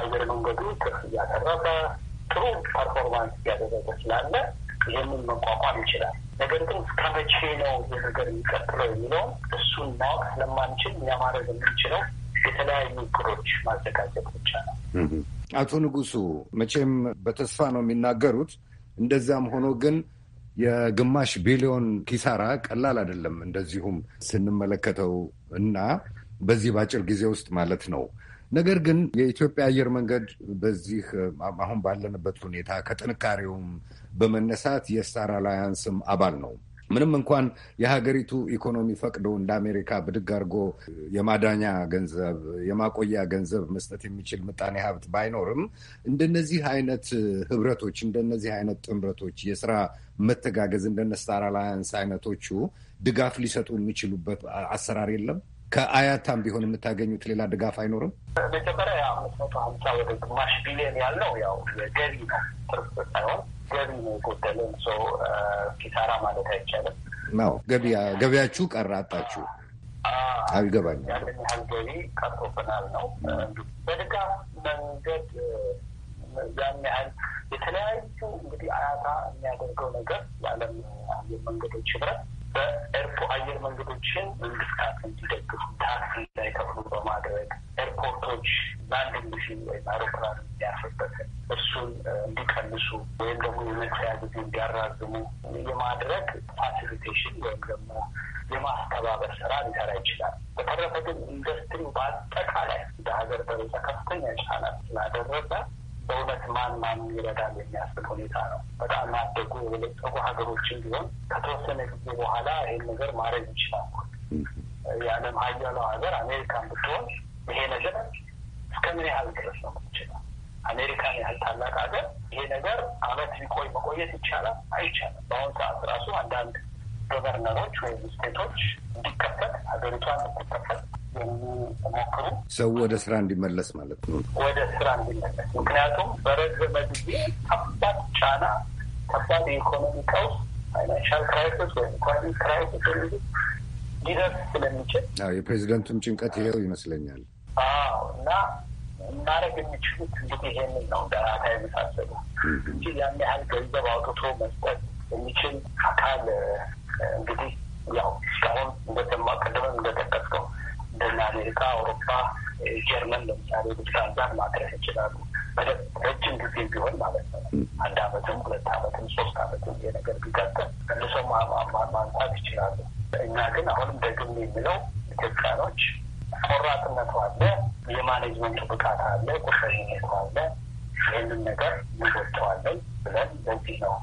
አየር መንገዱ ትርፍ እያተረፈ ጥሩ ፐርፎርማንስ እያደረገ ስላለ ይህንን መቋቋም ይችላል። ነገር ግን እስከ መቼ ነው ይህ ነገር የሚቀጥለው የሚለውም እሱን ማወቅ ስለማንችል እኛ ማድረግ የምንችለው የተለያዩ እቅዶች ማዘጋጀት ብቻ ነው። አቶ ንጉሱ መቼም በተስፋ ነው የሚናገሩት። እንደዚያም ሆኖ ግን የግማሽ ቢሊዮን ኪሳራ ቀላል አይደለም፣ እንደዚሁም ስንመለከተው እና በዚህ በአጭር ጊዜ ውስጥ ማለት ነው። ነገር ግን የኢትዮጵያ አየር መንገድ በዚህ አሁን ባለንበት ሁኔታ ከጥንካሬውም በመነሳት የስታር አላያንስም አባል ነው። ምንም እንኳን የሀገሪቱ ኢኮኖሚ ፈቅዶ እንደ አሜሪካ ብድግ አድርጎ የማዳኛ ገንዘብ የማቆያ ገንዘብ መስጠት የሚችል ምጣኔ ሀብት ባይኖርም እንደነዚህ አይነት ህብረቶች፣ እንደነዚህ አይነት ጥምረቶች፣ የስራ መተጋገዝ እንደነ ስታር አላያንስ አይነቶቹ ድጋፍ ሊሰጡ የሚችሉበት አሰራር የለም። ከአያታም ቢሆን የምታገኙት ሌላ ድጋፍ አይኖርም። መጀመሪያ ያው አምሳ ወደ ግማሽ ቢሊዮን ያለው ያው የገቢ ትርፍ ሳይሆን ገቢ ነው የጎደለን። ሰው ኪሳራ ማለት አይቻልም። ገቢያችሁ ቀረ ያለን ያህል ገቢ ቀርቶብናል ነው በድጋፍ መንገድ ያን ያህል የተለያዩ እንግዲህ አያታ የሚያደርገው ነገር የዓለም አየር መንገዶች ህብረት በኤርፖ አየር መንገዶችን እንቅስቃሴ እንዲደግፉ ታክሲ እንዳይከፍሉ በማድረግ ኤርፖርቶች ላንዲንግ ሲል ወይም አውሮፕላን የሚያርፍበትን እሱን እንዲቀንሱ ወይም ደግሞ የመክፈያ ጊዜ እንዲያራዝሙ የማድረግ ፋሲሊቴሽን ወይም ደግሞ የማስተባበር ስራ ሊሰራ ይችላል። በተረፈ ግን ኢንዱስትሪ በአጠቃላይ እንደ ሀገር ደረጃ ከፍተኛ ጫና ስላደረሰ በእውነት ማን ማን ይረዳል የሚያስብ ሁኔታ ነው። በጣም ያደጉ የበለጸጉ ሀገሮችን ቢሆን ከተወሰነ ጊዜ በኋላ ይህን ነገር ማድረግ ይችላል። የዓለም ሀያለው ሀገር አሜሪካን ብትሆን ይሄ ነገር እስከ ምን ያህል ድረስ ነው ይችላል? አሜሪካን ያህል ታላቅ ሀገር ይሄ ነገር አመት ቢቆይ መቆየት ይቻላል? አይቻልም። በአሁኑ ሰዓት ራሱ አንዳንድ ገቨርነሮች ወይም ስቴቶች እንዲከፈት ሀገሪቷን እንድትከፈት ሞክሩ ሰው ወደ ስራ እንዲመለስ ማለት ነው። ወደ ስራ እንዲመለስ ምክንያቱም በረዘመ ጊዜ ከባድ ጫና፣ ከባድ የኢኮኖሚ ቀውስ፣ ፋይናንሻል ክራይሲስ ወይም ኢኮኖሚ ክራይሲስ ሊደርስ ስለሚችል የፕሬዚደንቱም ጭንቀት ይሄው ይመስለኛል። አዎ እና ማድረግ የሚችሉት እንግዲህ ይሄንን ነው። ደራታ የመሳሰሉ እንጂ ያን ያህል ገንዘብ አውጥቶ መስጠት የሚችል አካል እንግዲህ ያው እስካሁን እንደሰማ ቅድምም እንደጠቀስከው እንደነ አሜሪካ፣ አውሮፓ፣ ጀርመን ለምሳሌ ብትራንዛን ማድረስ ይችላሉ። ረጅም ጊዜ ቢሆን ማለት ነው። አንድ አመትም ሁለት አመትም ሶስት አመትም ይሄ ነገር ቢቀጥል መልሶ ማንሳት ይችላሉ። እኛ ግን አሁንም ደግም የሚለው ኢትዮጵያኖች ቆራጥነቱ አለ፣ የማኔጅመንቱ ብቃት አለ፣ ቁርጠኝነቱ አለ። ይህንን ነገር ምሾቸዋለን ብለን በዚህ ነው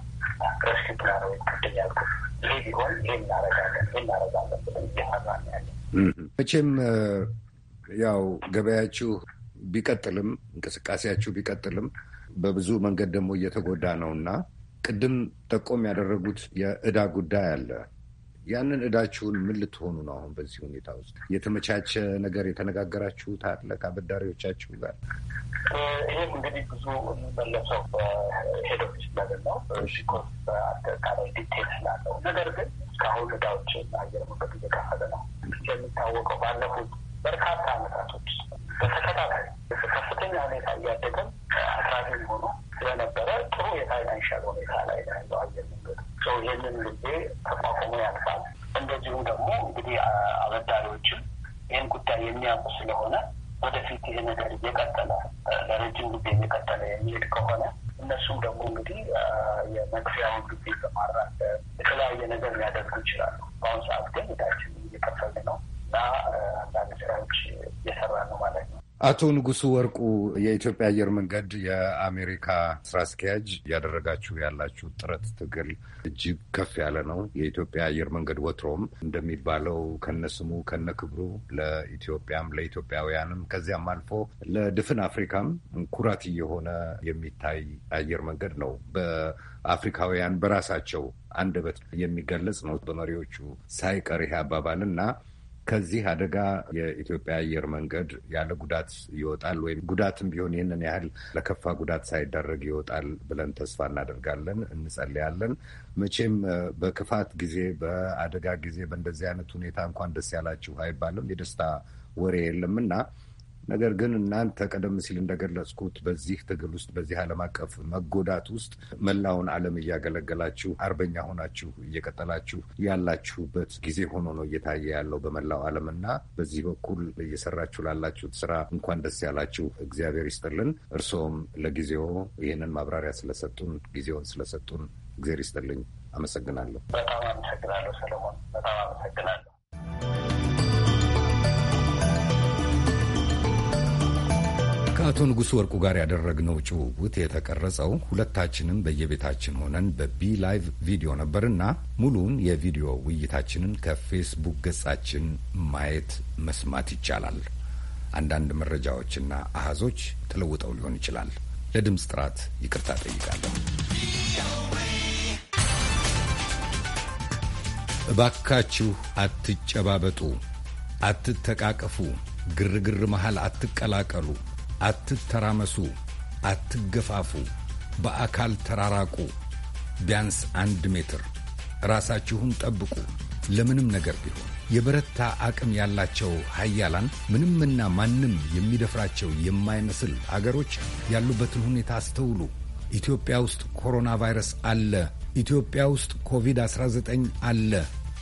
ረስኪ ፕላን ወይ ቅድም ያልኩት ይሄ ቢሆን ይሄ እናረጋለን ይሄ እናረጋለን ብለን እየሰራን ያለ መቼም ያው ገበያችሁ ቢቀጥልም እንቅስቃሴያችሁ ቢቀጥልም በብዙ መንገድ ደግሞ እየተጎዳ ነው እና ቅድም ጠቆም ያደረጉት የእዳ ጉዳይ አለ። ያንን እዳችሁን ምን ልትሆኑ ነው? አሁን በዚህ ሁኔታ ውስጥ የተመቻቸ ነገር የተነጋገራችሁት አለ ከአበዳሪዎቻችሁ ጋር? ይህም እንግዲህ ብዙ የሚመለሰው በሄድ ኦፊስ ነገር ነው። ነገር ግን እስካሁን እዳዎችን አየር መንገዱ እየከፈለ ነው። የሚታወቀው ባለፉት በርካታ አመታቶች በተከታታይ ከፍተኛ ሁኔታ እያደገም አስራፊ ሆኖ ስለነበረ ጥሩ የፋይናንሻል ሁኔታ ላይ ያለው አየር መንገዱ ሰው ይህንን ጊዜ ተቋቁሞ ያልፋል። እንደዚሁም ደግሞ እንግዲህ አበዳሪዎችም ይህን ጉዳይ የሚያውቁ ስለሆነ ወደፊት ይህ ነገር እየቀጠለ ለረጅም ጊዜ እየቀጠለ የሚሄድ ከሆነ እነሱም ደግሞ እንግዲህ የመግቢያውን ጊዜ በማራዘ የተለያየ ነገር ሊያደርጉ ይችላሉ። በአሁኑ ሰዓት ግን እዳችን እየከፈልን ነው እና አንዳንድ ስራዎች እየሰራ ነው ማለት ነው። አቶ ንጉሱ ወርቁ የኢትዮጵያ አየር መንገድ የአሜሪካ ስራ አስኪያጅ እያደረጋችሁ ያላችሁ ጥረት ትግል እጅግ ከፍ ያለ ነው። የኢትዮጵያ አየር መንገድ ወትሮም እንደሚባለው ከነስሙ ከነክብሩ ለኢትዮጵያም ለኢትዮጵያውያንም ከዚያም አልፎ ለድፍን አፍሪካም ኩራት እየሆነ የሚታይ አየር መንገድ ነው። በአፍሪካውያን በራሳቸው አንደበት የሚገለጽ ነው በመሪዎቹ ሳይቀር ይሄ አባባል እና ከዚህ አደጋ የኢትዮጵያ አየር መንገድ ያለ ጉዳት ይወጣል ወይም ጉዳትም ቢሆን ይህንን ያህል ለከፋ ጉዳት ሳይደረግ ይወጣል ብለን ተስፋ እናደርጋለን፣ እንጸልያለን። መቼም በክፋት ጊዜ፣ በአደጋ ጊዜ፣ በእንደዚህ አይነት ሁኔታ እንኳን ደስ ያላችሁ አይባልም። የደስታ ወሬ የለምና ነገር ግን እናንተ ቀደም ሲል እንደገለጽኩት በዚህ ትግል ውስጥ በዚህ ዓለም አቀፍ መጎዳት ውስጥ መላውን ዓለም እያገለገላችሁ አርበኛ ሆናችሁ እየቀጠላችሁ ያላችሁበት ጊዜ ሆኖ ነው እየታየ ያለው በመላው ዓለም እና በዚህ በኩል እየሰራችሁ ላላችሁት ስራ እንኳን ደስ ያላችሁ፣ እግዚአብሔር ይስጥልን። እርስዎም ለጊዜው ይህንን ማብራሪያ ስለሰጡን ጊዜውን ስለሰጡን እግዚአብሔር ይስጥልኝ። አመሰግናለሁ። በጣም አመሰግናለሁ ሰለሞን። በጣም አመሰግናለሁ። ከአቶ ንጉሱ ወርቁ ጋር ያደረግነው ጭውውት የተቀረጸው ሁለታችንም በየቤታችን ሆነን በቢ ላይቭ ቪዲዮ ነበርና ሙሉውን የቪዲዮ ውይይታችንን ከፌስቡክ ገጻችን ማየት መስማት ይቻላል። አንዳንድ መረጃዎችና አሃዞች ተለውጠው ሊሆን ይችላል። ለድምፅ ጥራት ይቅርታ ጠይቃለሁ። እባካችሁ አትጨባበጡ፣ አትተቃቀፉ፣ ግርግር መሃል አትቀላቀሉ አትተራመሱ፣ አትገፋፉ፣ በአካል ተራራቁ፣ ቢያንስ አንድ ሜትር ራሳችሁን ጠብቁ። ለምንም ነገር ቢሆን የበረታ አቅም ያላቸው ሀያላን ምንምና ማንም የሚደፍራቸው የማይመስል አገሮች ያሉበትን ሁኔታ አስተውሉ። ኢትዮጵያ ውስጥ ኮሮና ቫይረስ አለ። ኢትዮጵያ ውስጥ ኮቪድ-19 አለ።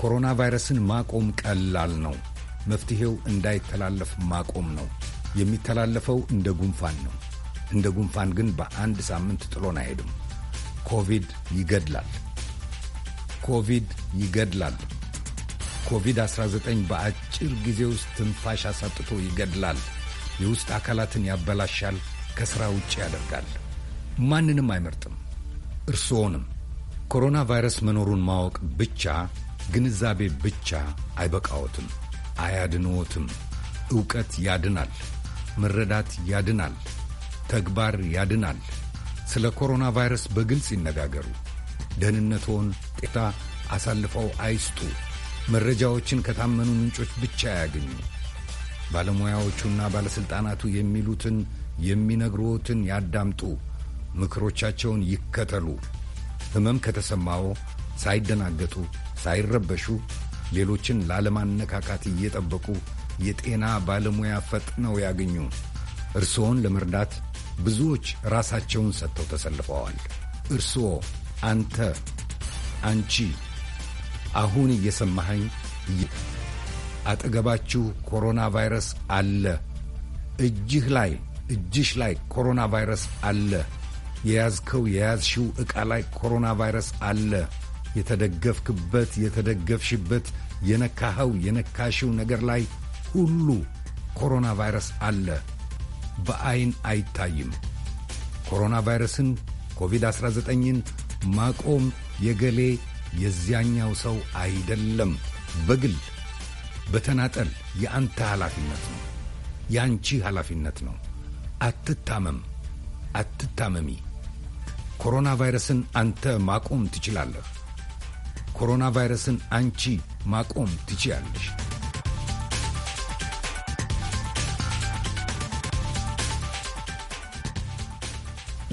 ኮሮና ቫይረስን ማቆም ቀላል ነው። መፍትሔው እንዳይተላለፍ ማቆም ነው። የሚተላለፈው እንደ ጉንፋን ነው። እንደ ጉንፋን ግን በአንድ ሳምንት ጥሎን አይሄድም። ኮቪድ ይገድላል። ኮቪድ ይገድላል። ኮቪድ-19 በአጭር ጊዜ ውስጥ ትንፋሽ አሳጥቶ ይገድላል። የውስጥ አካላትን ያበላሻል፣ ከሥራ ውጭ ያደርጋል። ማንንም አይመርጥም፣ እርስዎንም። ኮሮና ቫይረስ መኖሩን ማወቅ ብቻ ግንዛቤ ብቻ አይበቃዎትም፣ አያድንዎትም። ዕውቀት ያድናል። መረዳት ያድናል፣ ተግባር ያድናል። ስለ ኮሮና ቫይረስ በግልጽ ይነጋገሩ። ደህንነትዎን ጤታ አሳልፈው አይስጡ። መረጃዎችን ከታመኑ ምንጮች ብቻ ያገኙ። ባለሙያዎቹና ባለሥልጣናቱ የሚሉትን የሚነግሩትን ያዳምጡ። ምክሮቻቸውን ይከተሉ። ሕመም ከተሰማዎ ሳይደናገጡ፣ ሳይረበሹ ሌሎችን ላለማነካካት እየጠበቁ የጤና ባለሙያ ፈጥነው ያገኙ። እርስዎን ለመርዳት ብዙዎች ራሳቸውን ሰጥተው ተሰልፈዋል። እርስዎ፣ አንተ፣ አንቺ አሁን እየሰማኸኝ አጠገባችሁ ኮሮና ቫይረስ አለ። እጅህ ላይ እጅሽ ላይ ኮሮና ቫይረስ አለ። የያዝከው የያዝሽው ዕቃ ላይ ኮሮና ቫይረስ አለ። የተደገፍክበት የተደገፍሽበት፣ የነካኸው የነካሽው ነገር ላይ ሁሉ ኮሮና ቫይረስ አለ፣ በአይን አይታይም። ኮሮና ቫይረስን ኮቪድ-19ን ማቆም የገሌ የዚያኛው ሰው አይደለም። በግል በተናጠል የአንተ ኃላፊነት ነው፣ የአንቺ ኃላፊነት ነው። አትታመም፣ አትታመሚ። ኮሮና ቫይረስን አንተ ማቆም ትችላለህ። ኮሮና ቫይረስን አንቺ ማቆም ትችያለሽ።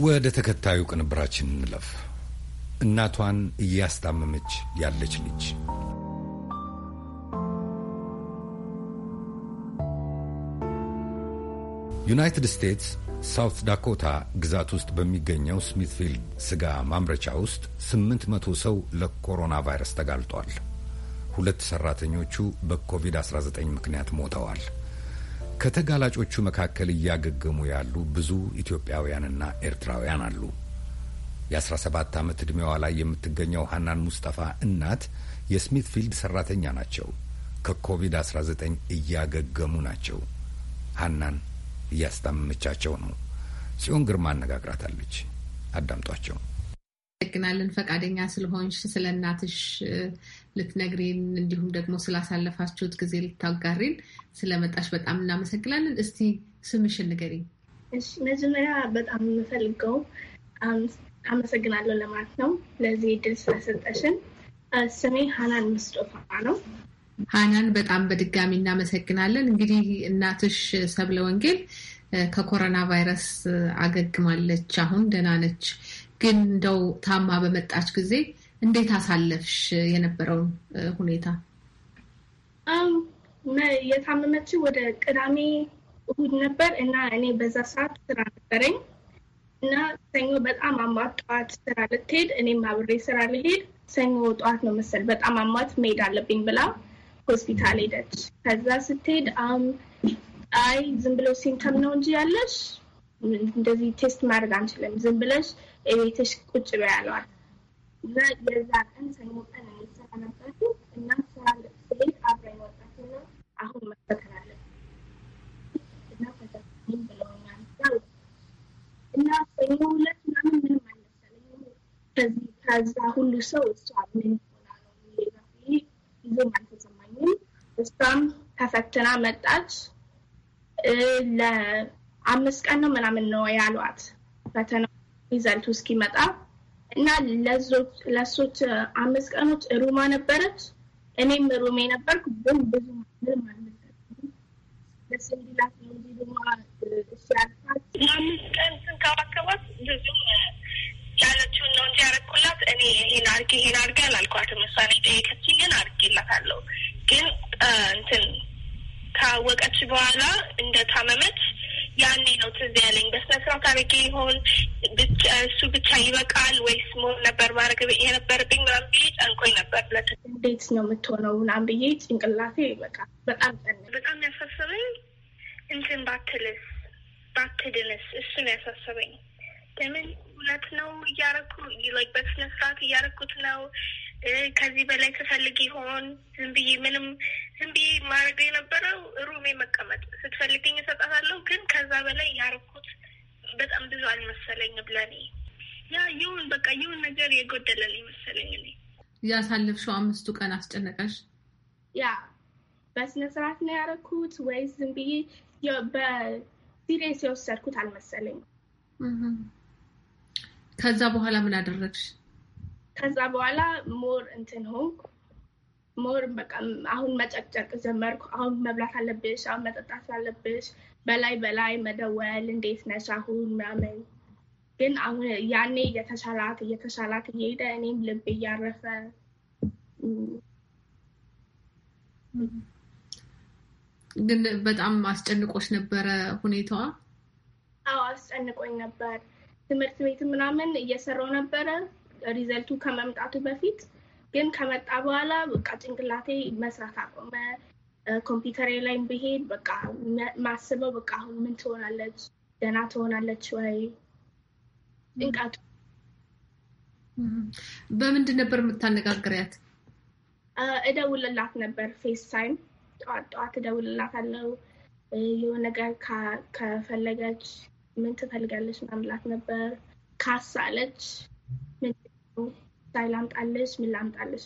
ወደ ተከታዩ ቅንብራችን እንለፍ። እናቷን እያስታመመች ያለች ልጅ ዩናይትድ ስቴትስ ሳውት ዳኮታ ግዛት ውስጥ በሚገኘው ስሚትፊልድ ስጋ ማምረቻ ውስጥ ስምንት መቶ ሰው ለኮሮና ቫይረስ ተጋልጧል። ሁለት ሰራተኞቹ በኮቪድ-19 ምክንያት ሞተዋል። ከተጋላጮቹ መካከል እያገገሙ ያሉ ብዙ ኢትዮጵያውያንና ኤርትራውያን አሉ። የ17 ዓመት ዕድሜዋ ላይ የምትገኘው ሀናን ሙስጠፋ እናት የስሚትፊልድ ሠራተኛ ናቸው። ከኮቪድ-19 እያገገሙ ናቸው። ሀናን እያስታመመቻቸው ነው። ጽዮን ግርማ አነጋግራታለች። አዳምጧቸው። ግናለን ፈቃደኛ ስለሆንሽ ስለ እናትሽ ልትነግሪን እንዲሁም ደግሞ ስላሳለፋችሁት ጊዜ ልታጋሪን ስለመጣሽ በጣም እናመሰግናለን። እስቲ ስምሽን ንገሪኝ። እሺ፣ መጀመሪያ በጣም የምፈልገው አመሰግናለሁ ለማለት ነው ለዚህ ድል ስለሰጠሽን። ስሜ ሀናን ምስጦፋ ነው። ሀናን በጣም በድጋሚ እናመሰግናለን። እንግዲህ እናትሽ ሰብለ ወንጌል ከኮሮና ቫይረስ አገግማለች፣ አሁን ደህና ነች። ግን እንደው ታማ በመጣች ጊዜ እንዴት አሳለፍሽ የነበረውን ሁኔታ? የታመመችው ወደ ቅዳሜ እሁድ ነበር እና እኔ በዛ ሰዓት ስራ ነበረኝ እና ሰኞ በጣም አማት ጠዋት ስራ ልትሄድ እኔም አብሬ ስራ ልሄድ፣ ሰኞ ጠዋት ነው መሰል በጣም አማት መሄድ አለብኝ ብላ ሆስፒታል ሄደች። ከዛ ስትሄድ አይ ዝም ብለው ሲምተም ነው እንጂ ያለሽ እንደዚህ ቴስት ማድረግ አንችልም፣ ዝም ብለሽ እቤትሽ ቁጭ ብ ያለዋል እና የዛ ቀን ሰኞ ቀን ስራ መጣች እና ስራ ስሄድ አብራኝ ወጣች እና አሁን መፈተን አለብን እና ፈተን ብለውኛል እና ሰኞ ሁለት ምናምን ምንም አልመሰለኝም። ከዚህ ከዛ ሁሉ ሰው እሷ ምን ሆና ነው ይሄ ብዙም አልተሰማኝም። እሷም ተፈትና መጣች። ለአምስት ቀን ነው ምናምን ነው ያሏት ፈተና ሪዛልቱ እስኪመጣ እና ለሶች አምስት ቀኖች ሩማ ነበረች። እኔም ሩሜ ነበርኩ። ግን ብዙ ምንም አልመሰለኝም። ደስ ነው እንጂ ሩማ እሺ አምስት ቀን ስንከባከባት ብዙ ያለችውን ነው እንጂ ያረኩላት። እኔ ይሄን አርጌ ይሄን አርጌ አላልኳትም። ምሳሌ ጠየቀችኝን አርጌላታለሁ። ግን እንትን ካወቀች በኋላ እንደ ታመመች ያኔ ነው ትዝ ያለኝ በስነ ስርዓት አድርጌ ይሆን እሱ ብቻ ይበቃል ወይስ መሆን ነበር ማድረግ የነበረብኝ ምናምን ብዬ ጨንቆኝ ነበር። ለት እንዴት ነው የምትሆነው ምናምን ብዬ ጭንቅላቴ ይበቃ በጣም ጨን በጣም ያሳሰበኝ እንትን ባትልስ ባትድንስ እሱ ነው ያሳሰበኝ። ለምን እውነት ነው እያረኩ በስነ እያረኩት ነው ከዚህ በላይ ትፈልግ ይሆን? ዝም ብዬ ምንም ዝም ብዬ ማድረግ የነበረው ሩሜ መቀመጥ ስትፈልግኝ እሰጣታለሁ፣ ግን ከዛ በላይ ያረኩት በጣም ብዙ አልመሰለኝም። ለኔ ያ ይሁን በቃ ይሁን ነገር የጎደለን መሰለኝ። እኔ ያሳለፍሽው አምስቱ ቀን አስጨነቀሽ? ያ በስነ ስርዓት ነው ያረኩት ወይስ ዝም ብዬ በሲሪየስ የወሰድኩት አልመሰለኝም። ከዛ በኋላ ምን አደረግሽ? ከዛ በኋላ ሞር እንትን ሆንኩ። ሞር በቃ አሁን መጨቅጨቅ ጀመርኩ። አሁን መብላት አለብሽ፣ አሁን መጠጣት አለብሽ፣ በላይ በላይ መደወል፣ እንዴት ነሽ አሁን ምናምን። ግን አሁን ያኔ እየተሻላት እየተሻላት እየሄደ እኔም ልብ እያረፈ ግን በጣም አስጨንቆች ነበረ ሁኔታዋ? አዎ አስጨንቆኝ ነበር። ትምህርት ቤት ምናምን እየሰራው ነበረ ሪዘልቱ ከመምጣቱ በፊት ግን ከመጣ በኋላ በቃ ጭንቅላቴ መስራት አቆመ። ኮምፒውተሬ ላይ ብሄድ በቃ ማስበው በቃ አሁን ምን ትሆናለች፣ ደና ትሆናለች ወይ ጭንቀቱ። በምንድን ነበር የምታነጋግሪያት? እደውልላት ነበር ፌስ ታይም፣ ጠዋት ጠዋት እደውልላት አለው። የሆነ ነገር ከፈለገች ምን ትፈልጋለች ማምላት ነበር ካሳለች ታይ ላምጣልሽ፣ ምን ላምጣልሽ።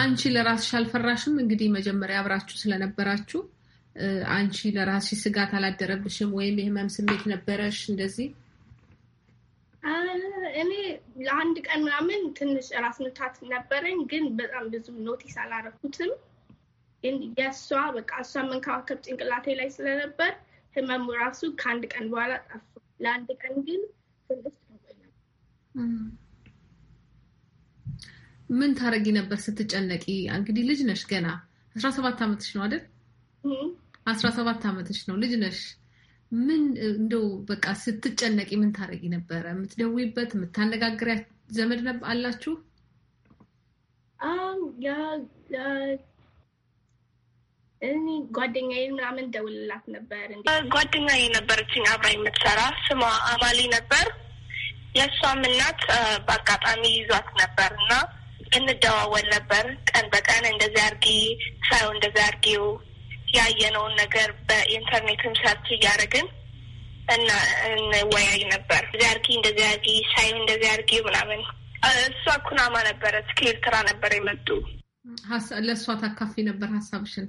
አንቺ ለራስሽ አልፈራሽም? እንግዲህ መጀመሪያ አብራችሁ ስለነበራችሁ አንቺ ለራስሽ ስጋት አላደረብሽም? ወይም የህመም ስሜት ነበረሽ እንደዚህ? እኔ ለአንድ ቀን ምናምን ትንሽ ራስ ምታት ነበረኝ፣ ግን በጣም ብዙ ኖቲስ አላረኩትም። ግን የእሷ በቃ እሷ መንከባከብ ጭንቅላቴ ላይ ስለነበር ህመሙ ራሱ ከአንድ ቀን በኋላ ጠፋ። ለአንድ ቀን ግን ምን ታረጊ ነበር ስትጨነቂ? እንግዲህ ልጅ ነሽ ገና አስራ ሰባት ዓመትሽ ነው አይደል? አስራ ሰባት ዓመትሽ ነው ልጅ ነሽ። ምን እንደው በቃ ስትጨነቂ ምን ታረጊ ነበረ? የምትደውይበት የምታነጋግሪያ ዘመድ አላችሁ? እኔ ጓደኛዬ ምናምን ደውልላት ነበር። ጓደኛዬ ነበረችኝ አብራ የምትሰራ ስሟ አማሊ ነበር። የእሷም እናት በአጋጣሚ ይዟት ነበር እና እንደዋወል ነበር ቀን በቀን እንደዚህ አርጊ ሳይሆን እንደዚህ አርጊው ያየነውን ነገር በኢንተርኔትም ሰርች እያደረግን እና እንወያይ ነበር። እዚ አርጊ እንደዚህ አርጊ ሳይሆን እንደዚህ አርጊ ምናምን። እሷ ኩናማ ነበረች፣ ከኤርትራ ነበር የመጡ። ለእሷ ታካፊ ነበር ሀሳብሽን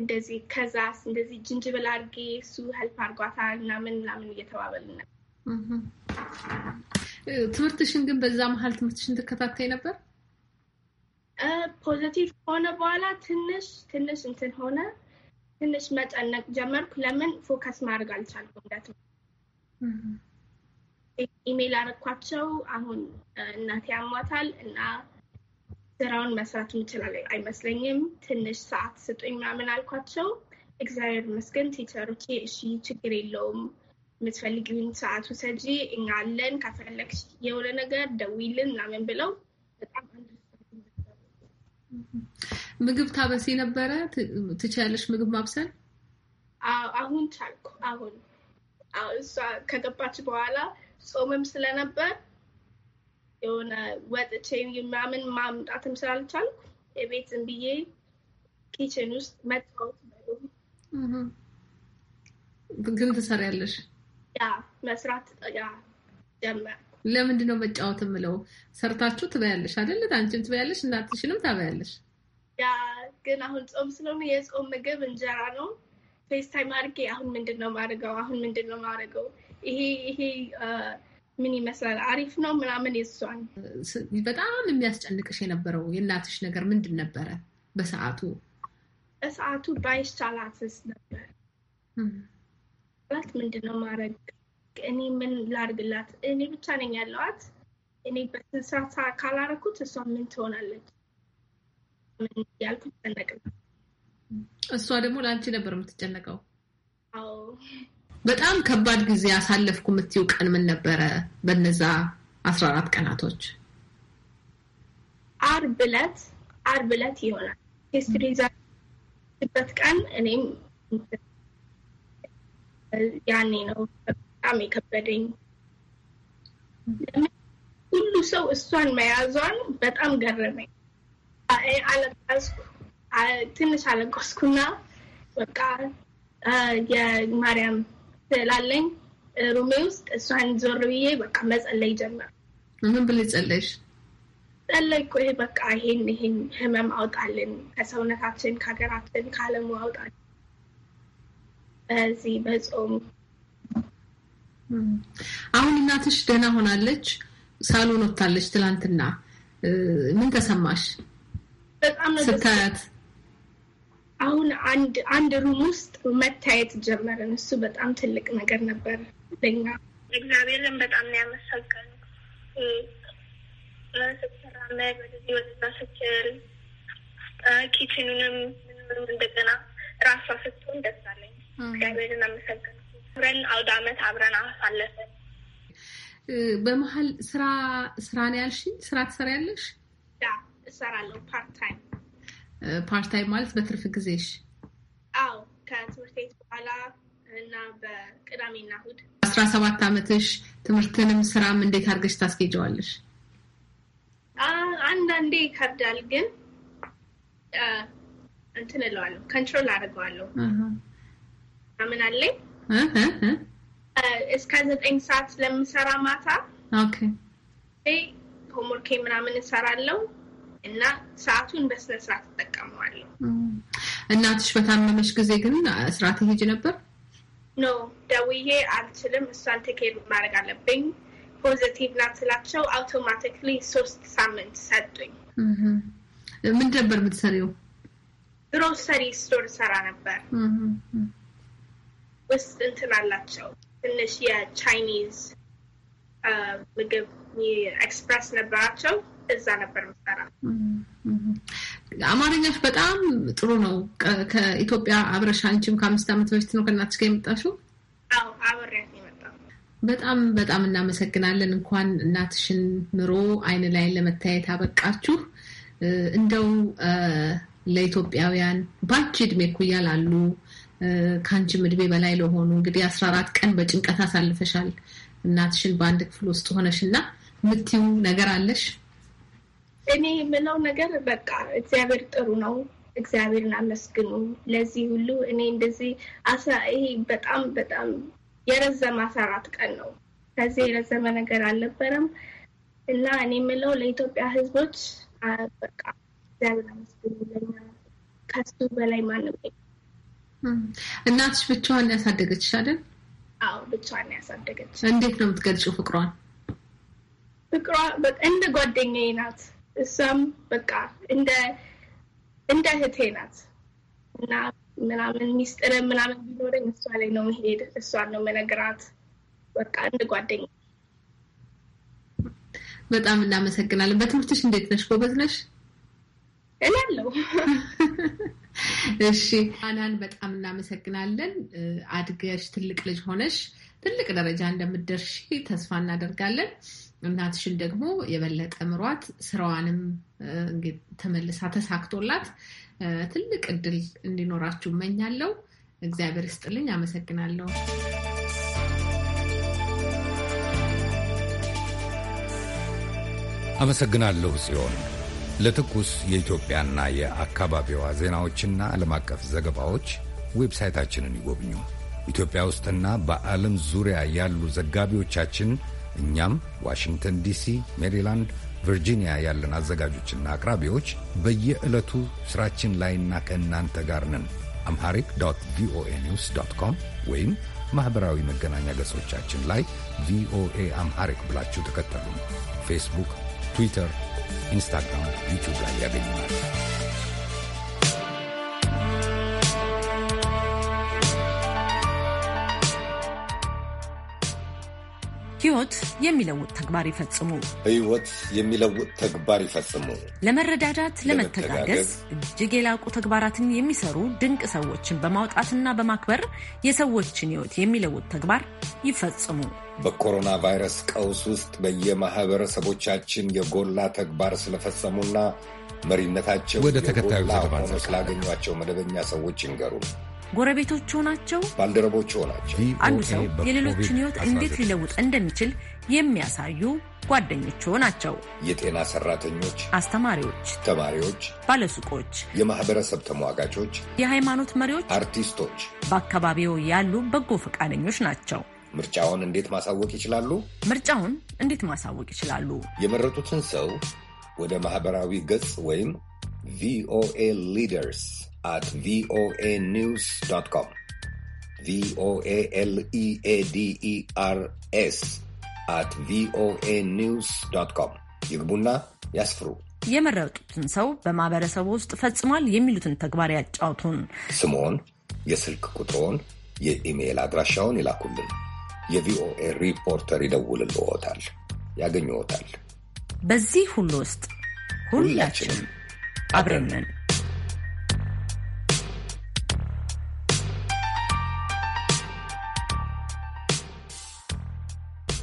እንደዚህ ከዛስ እንደዚህ ጅንጅብል አድርጌ እሱ ሄልፕ አድርጓታል ምናምን ምናምን እየተባበልን ነበር። ትምህርትሽን ግን በዛ መሀል ትምህርትሽን ትከታተይ ነበር? ፖዘቲቭ ከሆነ በኋላ ትንሽ ትንሽ እንትን ሆነ። ትንሽ መጨነቅ ጀመርኩ። ለምን ፎከስ ማድረግ አልቻልኩም። እንደት ኢሜይል አረኳቸው። አሁን እናቴ ያሟታል እና ስራውን መስራት የምችላለን አይመስለኝም። ትንሽ ሰዓት ስጡኝ ምናምን አልኳቸው። እግዚአብሔር ይመስገን ቲቸሮች እሺ ችግር የለውም የምትፈልጊውን ሰዓት ውሰጂ፣ እኛ አለን፣ ከፈለግሽ የሆነ ነገር ደውይልን ምናምን ብለው በጣም ምግብ ታበሲ ነበረ። ትችያለሽ ምግብ ማብሰል? አሁን ቻልኩ። አሁን እሷ ከገባች በኋላ ጾምም ስለነበር የሆነ ወጥቼ ምናምን ማምጣትም ስላልቻልኩ የቤት ዝም ብዬ ኪችን ውስጥ መጫወት ግን ትሰሪያለሽ? ያ መስራት ያ ጀመር። ለምንድን ነው መጫወት የምለው? ሰርታችሁ ትበያለሽ አይደል? አንቺም ትበያለሽ፣ እናትሽንም ታበያለሽ። ያ ግን አሁን ጾም ስለሆነ የጾም ምግብ እንጀራ ነው። ፌስታይም አድርጌ አሁን ምንድን ነው ማድረገው? አሁን ምንድን ነው ማድረገው? ይሄ ይሄ ምን ይመስላል አሪፍ ነው ምናምን የሷን በጣም የሚያስጨንቅሽ የነበረው የእናትሽ ነገር ምንድን ነበረ በሰዓቱ በሰዓቱ ባይሻላትስ ነበር ላት ምንድን ነው ማድረግ እኔ ምን ላድርግላት እኔ ብቻ ነኝ ያለዋት እኔ በስሳት ካላረኩት እሷ ምን ትሆናለች ያልኩ ይጨነቅ እሷ ደግሞ ለአንቺ ነበር የምትጨነቀው አዎ በጣም ከባድ ጊዜ አሳለፍኩ የምትይው ቀን ምን ነበረ? በነዛ አስራ አራት ቀናቶች አርብ ዕለት አርብ ዕለት ይሆናል ሂስትሪ ቀን እኔም ያኔ ነው በጣም የከበደኝ። ሁሉ ሰው እሷን መያዟን በጣም ገረመኝ። አለቀስኩ፣ ትንሽ አለቀስኩና በቃ የማርያም ስላለኝ ሩሜ ውስጥ እሷን ዞር ብዬ በቃ መጸለይ ጀመር። ምን ብለሽ ጸለይሽ? ጸለይኩ። ይሄ በቃ ይሄን ይሄን ህመም አውጣልን፣ ከሰውነታችን፣ ከሀገራችን፣ ከአለሙ አውጣልን በዚህ በጾም አሁን እናትሽ ደህና ሆናለች፣ ሳሎን ወጥታለች። ትላንትና ምን ተሰማሽ ስታያት? አሁን አንድ አንድ ሩም ውስጥ መታየት ጀመርን። እሱ በጣም ትልቅ ነገር ነበር ለኛ። እግዚአብሔርን በጣም ነው ያመሰገኑ ስትራመድ ወደዚህ ወደዛ ስትል ኪችኑንም ምንም እንደገና ራሷ ስትሆን ደስ አለኝ። እግዚአብሔርን አመሰገኑ። አብረን አውደ አመት አብረን አሳለፈን። በመሀል ስራ ስራ ነው ያልሽኝ? ስራ ትሰሪያለሽ? እሰራለሁ ፓርት ታይም ፓርታይም ማለት በትርፍ ጊዜሽ? አዎ ከትምህርት ቤት በኋላ እና በቅዳሜና እሑድ። አስራ ሰባት አመትሽ ትምህርትንም ስራም እንዴት አድርገሽ ታስጌጀዋለሽ? አንዳንዴ ይከብዳል፣ ግን እንትን እለዋለሁ፣ ከንትሮል አድርገዋለሁ። ምን አለኝ እስከ ዘጠኝ ሰዓት ስለምሰራ ማታ ሆምወርኬ ምናምን እሰራለሁ እና ሰዓቱን በስነስርዓት እጠቀመዋለሁ። እናትሽ በታመመች ጊዜ ግን ስራ ትሄጂ ነበር? ኖ ደውዬ አልችልም፣ እሷን ቴኬር ማድረግ አለብኝ። ፖዘቲቭ ናት ስላቸው አውቶማቲክሊ ሶስት ሳምንት ሰጡኝ። ምን ነበር የምትሰሪው? ግሮሰሪ ስቶር ሰራ ነበር። ውስጥ እንትን አላቸው ትንሽ የቻይኒዝ ምግብ ኤክስፕረስ ነበራቸው እዛ ነበር ምሰራ። አማርኛሽ በጣም ጥሩ ነው። ከኢትዮጵያ አብረሻ አንቺም ከአምስት ዓመት በፊት ነው ከእናትሽ ጋር የመጣሽው? በጣም በጣም እናመሰግናለን። እንኳን እናትሽን ምሮ አይን ላይ ለመታየት አበቃችሁ። እንደው ለኢትዮጵያውያን ባንቺ እድሜ ኩያ ላሉ ከአንቺም እድሜ በላይ ለሆኑ እንግዲህ አስራ አራት ቀን በጭንቀት አሳልፈሻል እናትሽን በአንድ ክፍል ውስጥ ሆነሽ እና ነገር አለሽ? እኔ የምለው ነገር በቃ እግዚአብሔር ጥሩ ነው። እግዚአብሔርን አመስግኑ። ለዚህ ሁሉ እኔ እንደዚህ አስራ ይሄ በጣም በጣም የረዘመ አስራ አራት ቀን ነው። ከዚህ የረዘመ ነገር አልነበረም እና እኔ የምለው ለኢትዮጵያ ሕዝቦች በቃ እግዚአብሔር አመስግኑ። ለኛ ከሱ በላይ ማንም እናትሽ ብቻዋን ያሳደገች አይደል? አዎ ብቻዋን ያሳደገች። እንዴት ነው የምትገልጭው ፍቅሯን? ፍቅሯ እንደ ጓደኛዬ ናት። እሷም በቃ እንደ እንደ እህቴ ናት እና ምናምን ሚስጥር ምናምን ቢኖረኝ እሷ ላይ ነው መሄድ፣ እሷን ነው መነግራት። በቃ እንደ ጓደኛ። በጣም እናመሰግናለን። በትምህርትሽ እንዴት ነሽ? ጎበዝ ነሽ? እላለሁ። እሺ አናን በጣም እናመሰግናለን። አድገሽ ትልቅ ልጅ ሆነሽ ትልቅ ደረጃ እንደምደርሺ ተስፋ እናደርጋለን። እናትሽን ደግሞ የበለጠ ምሯት፣ ስራዋንም ተመልሳ ተሳክቶላት ትልቅ እድል እንዲኖራችሁ እመኛለሁ። እግዚአብሔር ይስጥልኝ። አመሰግናለሁ። አመሰግናለሁ ጽዮን። ለትኩስ የኢትዮጵያና የአካባቢዋ ዜናዎችና ዓለም አቀፍ ዘገባዎች ዌብሳይታችንን ይጎብኙ። ኢትዮጵያ ውስጥና በዓለም ዙሪያ ያሉ ዘጋቢዎቻችን እኛም ዋሽንግተን ዲሲ፣ ሜሪላንድ፣ ቨርጂኒያ ያለን አዘጋጆችና አቅራቢዎች በየዕለቱ ሥራችን ላይና ከእናንተ ጋር ነን። አምሃሪክ ዶት ቪኦኤ ኒውስ ዶት ኮም ወይም ማኅበራዊ መገናኛ ገጾቻችን ላይ ቪኦኤ አምሃሪክ ብላችሁ ተከተሉን። ፌስቡክ፣ ትዊተር፣ ኢንስታግራም፣ ዩቲዩብ ላይ ያገኙናል። ህይወት የሚለውጥ ተግባር ይፈጽሙ። ህይወት የሚለውጥ ተግባር ይፈጽሙ። ለመረዳዳት፣ ለመተጋገዝ እጅግ የላቁ ተግባራትን የሚሰሩ ድንቅ ሰዎችን በማውጣትና በማክበር የሰዎችን ህይወት የሚለውጥ ተግባር ይፈጽሙ። በኮሮና ቫይረስ ቀውስ ውስጥ በየማህበረሰቦቻችን የጎላ ተግባር ስለፈጸሙና መሪነታቸው ወደ ተከታዩ ስላገኟቸው መደበኛ ሰዎች ይንገሩ። ጎረቤቶቹ ናቸው፣ ባልደረቦቹ ናቸው። አንዱ ሰው የሌሎችን ህይወት እንዴት ሊለውጥ እንደሚችል የሚያሳዩ ጓደኞቹ ናቸው። የጤና ሰራተኞች፣ አስተማሪዎች፣ ተማሪዎች፣ ባለሱቆች፣ የማህበረሰብ ተሟጋቾች፣ የሃይማኖት መሪዎች፣ አርቲስቶች፣ በአካባቢው ያሉ በጎ ፈቃደኞች ናቸው። ምርጫውን እንዴት ማሳወቅ ይችላሉ? ምርጫውን እንዴት ማሳወቅ ይችላሉ? የመረጡትን ሰው ወደ ማህበራዊ ገጽ ወይም ቪኦኤ ሊደርስ at voanews.com. v o a l e a d e r s at voanews.com. ይግቡና ያስፍሩ። የመረጡትን ሰው በማህበረሰቡ ውስጥ ፈጽሟል የሚሉትን ተግባር ያጫውቱን። ስሞን፣ የስልክ ቁጥሮን፣ የኢሜይል አድራሻውን ይላኩልን። የቪኦኤ ሪፖርተር ይደውልልዎታል፣ ያገኝዎታል። በዚህ ሁሉ ውስጥ ሁላችንም አብረንን።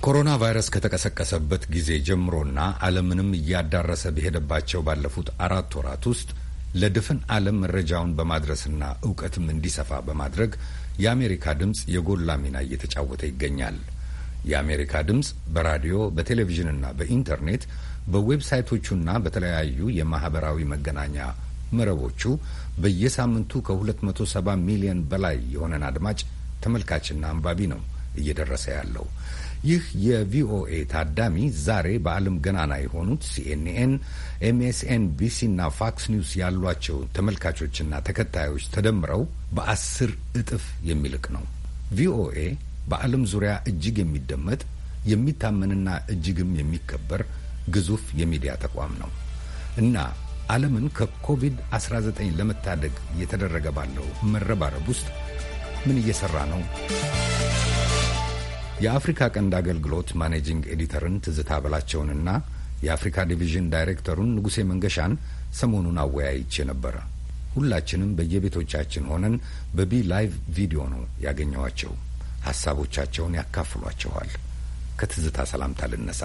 ኮሮና ቫይረስ ከተቀሰቀሰበት ጊዜ ጀምሮና ዓለምንም እያዳረሰ በሄደባቸው ባለፉት አራት ወራት ውስጥ ለድፍን ዓለም መረጃውን በማድረስና እውቀትም እንዲሰፋ በማድረግ የአሜሪካ ድምፅ የጎላ ሚና እየተጫወተ ይገኛል። የአሜሪካ ድምፅ በራዲዮ በቴሌቪዥንና በኢንተርኔት በዌብሳይቶቹና በተለያዩ የማህበራዊ መገናኛ መረቦቹ በየሳምንቱ ከ270 ሚሊዮን በላይ የሆነን አድማጭ ተመልካችና አንባቢ ነው እየደረሰ ያለው። ይህ የቪኦኤ ታዳሚ ዛሬ በዓለም ገናና የሆኑት ሲኤንኤን፣ ኤምኤስኤንቢሲ እና ፋክስ ኒውስ ያሏቸው ተመልካቾችና ተከታዮች ተደምረው በአስር እጥፍ የሚልቅ ነው። ቪኦኤ በዓለም ዙሪያ እጅግ የሚደመጥ የሚታመንና እጅግም የሚከበር ግዙፍ የሚዲያ ተቋም ነው እና ዓለምን ከኮቪድ-19 ለመታደግ እየተደረገ ባለው መረባረብ ውስጥ ምን እየሰራ ነው? የአፍሪካ ቀንድ አገልግሎት ማኔጂንግ ኤዲተርን ትዝታ በላቸውንና የአፍሪካ ዲቪዥን ዳይሬክተሩን ንጉሴ መንገሻን ሰሞኑን አወያይቼ ነበረ። ሁላችንም በየቤቶቻችን ሆነን በቢ ላይቭ ቪዲዮ ነው ያገኘዋቸው። ሀሳቦቻቸውን ያካፍሏቸዋል። ከትዝታ ሰላምታ ልነሳ።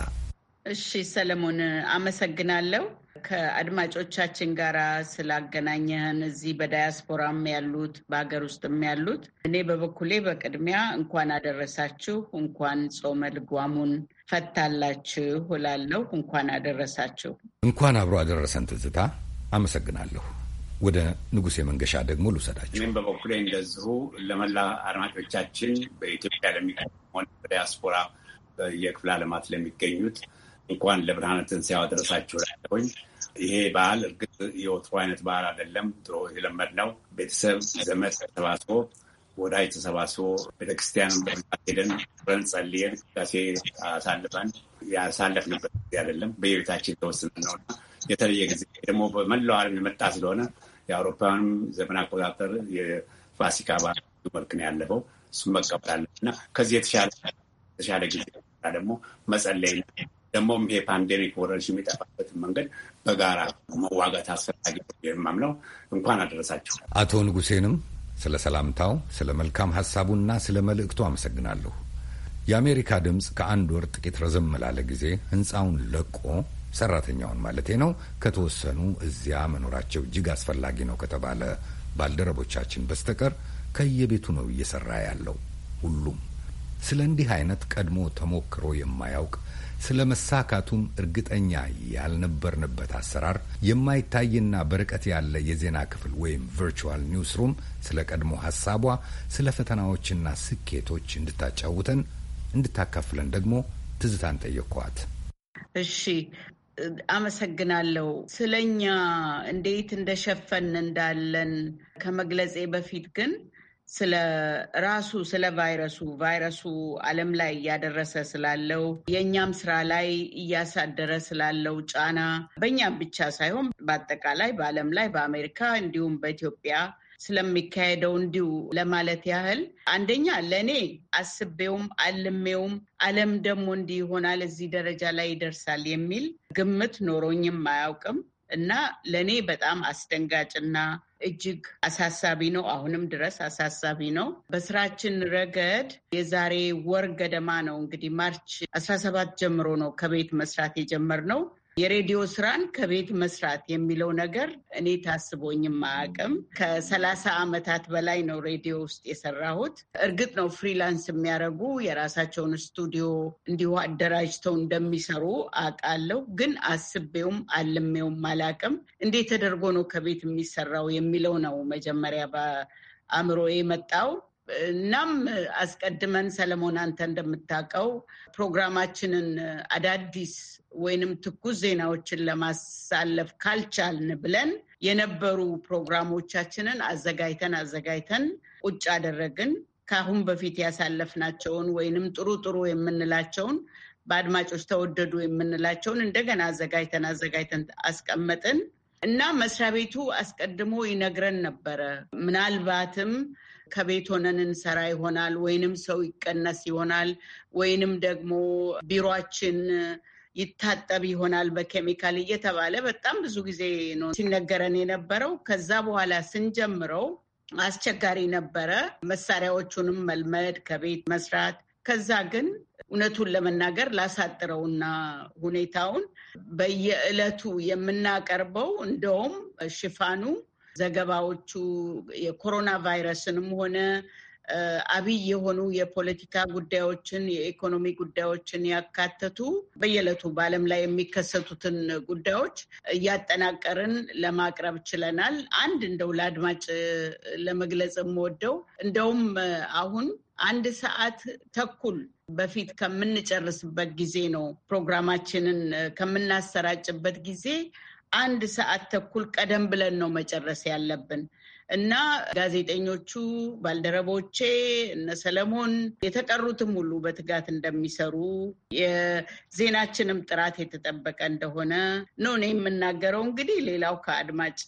እሺ ሰለሞን አመሰግናለሁ። ከአድማጮቻችን ጋር ስላገናኘህን እዚህ በዳያስፖራም ያሉት በሀገር ውስጥም ያሉት እኔ በበኩሌ በቅድሚያ እንኳን አደረሳችሁ እንኳን ጾመ ልጓሙን ፈታላችሁ እላለሁ። እንኳን አደረሳችሁ። እንኳን አብሮ አደረሰን። ትዝታ አመሰግናለሁ። ወደ ንጉሴ መንገሻ ደግሞ ልውሰዳቸው። እኔም በበኩሌ እንደዚሁ ለመላ አድማጮቻችን በኢትዮጵያ ለሚሆን በዳያስፖራ የክፍለ ዓለማት ለሚገኙት እንኳን ለብርሃነ ትንሣኤው አደረሳችሁ ላለሁኝ። ይሄ በዓል እርግጥ የወትሮ አይነት በዓል አይደለም። ድሮ የለመድነው ቤተሰብ ዘመድ ተሰባስቦ ወዳጅ ተሰባስቦ ቤተክርስቲያን በመት ሄደን ብረን ጸልየን ዳሴ አሳልፈን ያሳለፍንበት ጊዜ አይደለም። በየቤታችን ተወስነ ነውና የተለየ ጊዜ ደግሞ በመላው ዓለም የመጣ ስለሆነ የአውሮፓውያንም ዘመን አቆጣጠር የፋሲካ በዓል መልክ ነው ያለፈው። እሱም መቀበል እና ከዚህ የተሻለ ጊዜ ደግሞ መጸለይ ደግሞም ይሄ ፓንዴሚክ ወረርሽኝ የሚጠፋበትን መንገድ በጋራ መዋጋት አስፈላጊ የማምነው። እንኳን አደረሳችሁ። አቶ ንጉሴንም ስለ ሰላምታው፣ ስለ መልካም ሀሳቡና ስለ መልእክቱ አመሰግናለሁ። የአሜሪካ ድምፅ ከአንድ ወር ጥቂት ረዘም ላለ ጊዜ ህንፃውን ለቆ ሰራተኛውን ማለቴ ነው ከተወሰኑ እዚያ መኖራቸው እጅግ አስፈላጊ ነው ከተባለ ባልደረቦቻችን በስተቀር ከየቤቱ ነው እየሰራ ያለው ሁሉም። ስለ እንዲህ አይነት ቀድሞ ተሞክሮ የማያውቅ ስለ መሳካቱም እርግጠኛ ያልነበርንበት አሰራር፣ የማይታይና በርቀት ያለ የዜና ክፍል ወይም ቨርቹዋል ኒውስ ሩም ስለ ቀድሞ ሀሳቧ፣ ስለ ፈተናዎችና ስኬቶች እንድታጫውተን እንድታካፍለን ደግሞ ትዝታን ጠየኳት። እሺ፣ አመሰግናለሁ። ስለኛ እንዴት እንደሸፈን እንዳለን ከመግለጼ በፊት ግን ስለ ራሱ ስለ ቫይረሱ ቫይረሱ ዓለም ላይ እያደረሰ ስላለው የእኛም ስራ ላይ እያሳደረ ስላለው ጫና በእኛም ብቻ ሳይሆን በአጠቃላይ በዓለም ላይ በአሜሪካ እንዲሁም በኢትዮጵያ ስለሚካሄደው እንዲሁ ለማለት ያህል አንደኛ ለእኔ አስቤውም አልሜውም ዓለም ደግሞ እንዲህ ይሆናል እዚህ ደረጃ ላይ ይደርሳል የሚል ግምት ኖሮኝም አያውቅም እና ለእኔ በጣም አስደንጋጭና እጅግ አሳሳቢ ነው። አሁንም ድረስ አሳሳቢ ነው። በስራችን ረገድ የዛሬ ወር ገደማ ነው እንግዲህ ማርች አስራ ሰባት ጀምሮ ነው ከቤት መስራት የጀመርነው። የሬዲዮ ስራን ከቤት መስራት የሚለው ነገር እኔ ታስቦኝም አያውቅም። ከሰላሳ ዓመታት በላይ ነው ሬዲዮ ውስጥ የሰራሁት። እርግጥ ነው ፍሪላንስ የሚያደርጉ የራሳቸውን ስቱዲዮ እንዲሁ አደራጅተው እንደሚሰሩ አውቃለሁ። ግን አስቤውም አልሜውም አላውቅም። እንዴት ተደርጎ ነው ከቤት የሚሰራው የሚለው ነው መጀመሪያ በአእምሮ የመጣው። እናም አስቀድመን ሰለሞን አንተ እንደምታውቀው ፕሮግራማችንን አዳዲስ ወይንም ትኩስ ዜናዎችን ለማሳለፍ ካልቻልን ብለን የነበሩ ፕሮግራሞቻችንን አዘጋጅተን አዘጋጅተን ቁጭ አደረግን። ከአሁን በፊት ያሳለፍናቸውን ወይንም ጥሩ ጥሩ የምንላቸውን በአድማጮች ተወደዱ የምንላቸውን እንደገና አዘጋጅተን አዘጋጅተን አስቀመጥን እና መስሪያ ቤቱ አስቀድሞ ይነግረን ነበረ ምናልባትም ከቤት ሆነን እንሰራ ይሆናል፣ ወይንም ሰው ይቀነስ ይሆናል፣ ወይንም ደግሞ ቢሮችን ይታጠብ ይሆናል በኬሚካል እየተባለ በጣም ብዙ ጊዜ ነው ሲነገረን የነበረው። ከዛ በኋላ ስንጀምረው አስቸጋሪ ነበረ፣ መሳሪያዎቹንም መልመድ ከቤት መስራት። ከዛ ግን እውነቱን ለመናገር ላሳጥረውና ሁኔታውን በየዕለቱ የምናቀርበው እንደውም ሽፋኑ ዘገባዎቹ የኮሮና ቫይረስንም ሆነ አብይ የሆኑ የፖለቲካ ጉዳዮችን፣ የኢኮኖሚ ጉዳዮችን ያካተቱ በየዕለቱ በዓለም ላይ የሚከሰቱትን ጉዳዮች እያጠናቀርን ለማቅረብ ችለናል። አንድ እንደው ለአድማጭ ለመግለጽ የምወደው እንደውም አሁን አንድ ሰዓት ተኩል በፊት ከምንጨርስበት ጊዜ ነው ፕሮግራማችንን ከምናሰራጭበት ጊዜ አንድ ሰዓት ተኩል ቀደም ብለን ነው መጨረስ ያለብን እና ጋዜጠኞቹ ባልደረቦቼ እነ ሰለሞን የተቀሩትም ሁሉ በትጋት እንደሚሰሩ የዜናችንም ጥራት የተጠበቀ እንደሆነ ነው እኔ የምናገረው። እንግዲህ ሌላው ከአድማጭ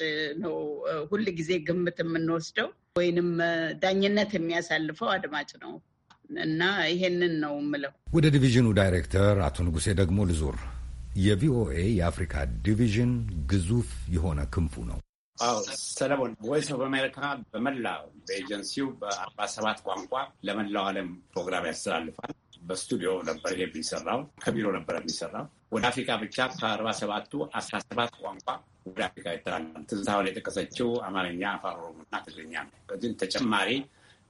ነው ሁል ጊዜ ግምት የምንወስደው ወይንም ዳኝነት የሚያሳልፈው አድማጭ ነው እና ይሄንን ነው ምለው። ወደ ዲቪዥኑ ዳይሬክተር አቶ ንጉሴ ደግሞ ልዙር። የቪኦኤ የአፍሪካ ዲቪዥን ግዙፍ የሆነ ክንፉ ነው። አዎ ሰለሞን፣ ቮይስ ኦፍ አሜሪካ በመላው በኤጀንሲው በአርባ ሰባት ቋንቋ ለመላው ዓለም ፕሮግራም ያስተላልፋል። በስቱዲዮ ነበር ይሄ የሚሰራው፣ ከቢሮ ነበር የሚሰራው። ወደ አፍሪካ ብቻ ከአርባ ሰባቱ አስራ ሰባት ቋንቋ ወደ አፍሪካ ይተላል። ትዝታሁን የጠቀሰችው አማርኛ፣ አፋን ኦሮሞና ትግርኛ ግን ተጨማሪ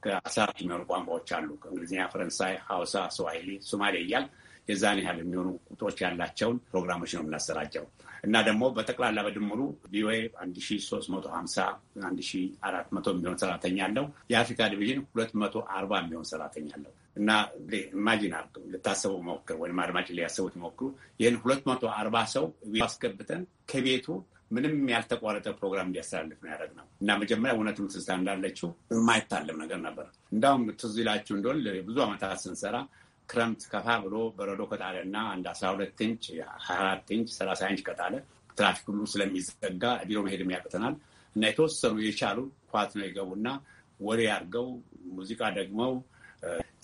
ከአስራ አራት የሚሆኑ ቋንቋዎች አሉ። ከእንግሊዝኛ፣ ፈረንሳይ፣ ሀውሳ፣ ስዋሂሊ፣ ሶማሌ እያል የዛን ያህል የሚሆኑ ቁጥሮች ያላቸውን ፕሮግራሞች ነው የምናሰራጨው እና ደግሞ በጠቅላላ በድምሩ ቪኦኤ 1350 1400 የሚሆን ሰራተኛ አለው። የአፍሪካ ዲቪዥን 240 የሚሆን ሰራተኛ አለው እና ኢማጂን አድርገው ልታሰቡ ሞክር ወይም አድማጭ ሊያሰቡት ሞክሩ። ይህን 240 ሰው አስገብተን ከቤቱ ምንም ያልተቋረጠ ፕሮግራም እንዲያስተላልፍ ነው ያደረግነው እና መጀመሪያ እውነትም ትዝታ እንዳለችው የማይታለም ነገር ነበር። እንዳውም ትዝ ይላችሁ እንደሆን ብዙ ዓመታት ስንሰራ ክረምት ከፋ ብሎ በረዶ ከጣለ እና አንድ አስራ ሁለት ኢንች ሀያ አራት ኢንች ሰላሳ ኢንች ከጣለ ትራፊክ ሁሉ ስለሚዘጋ ቢሮ መሄድ የሚያቅተናል እና የተወሰኑ የቻሉ ኳት ነው የገቡና ወሬ አድርገው ሙዚቃ ደግመው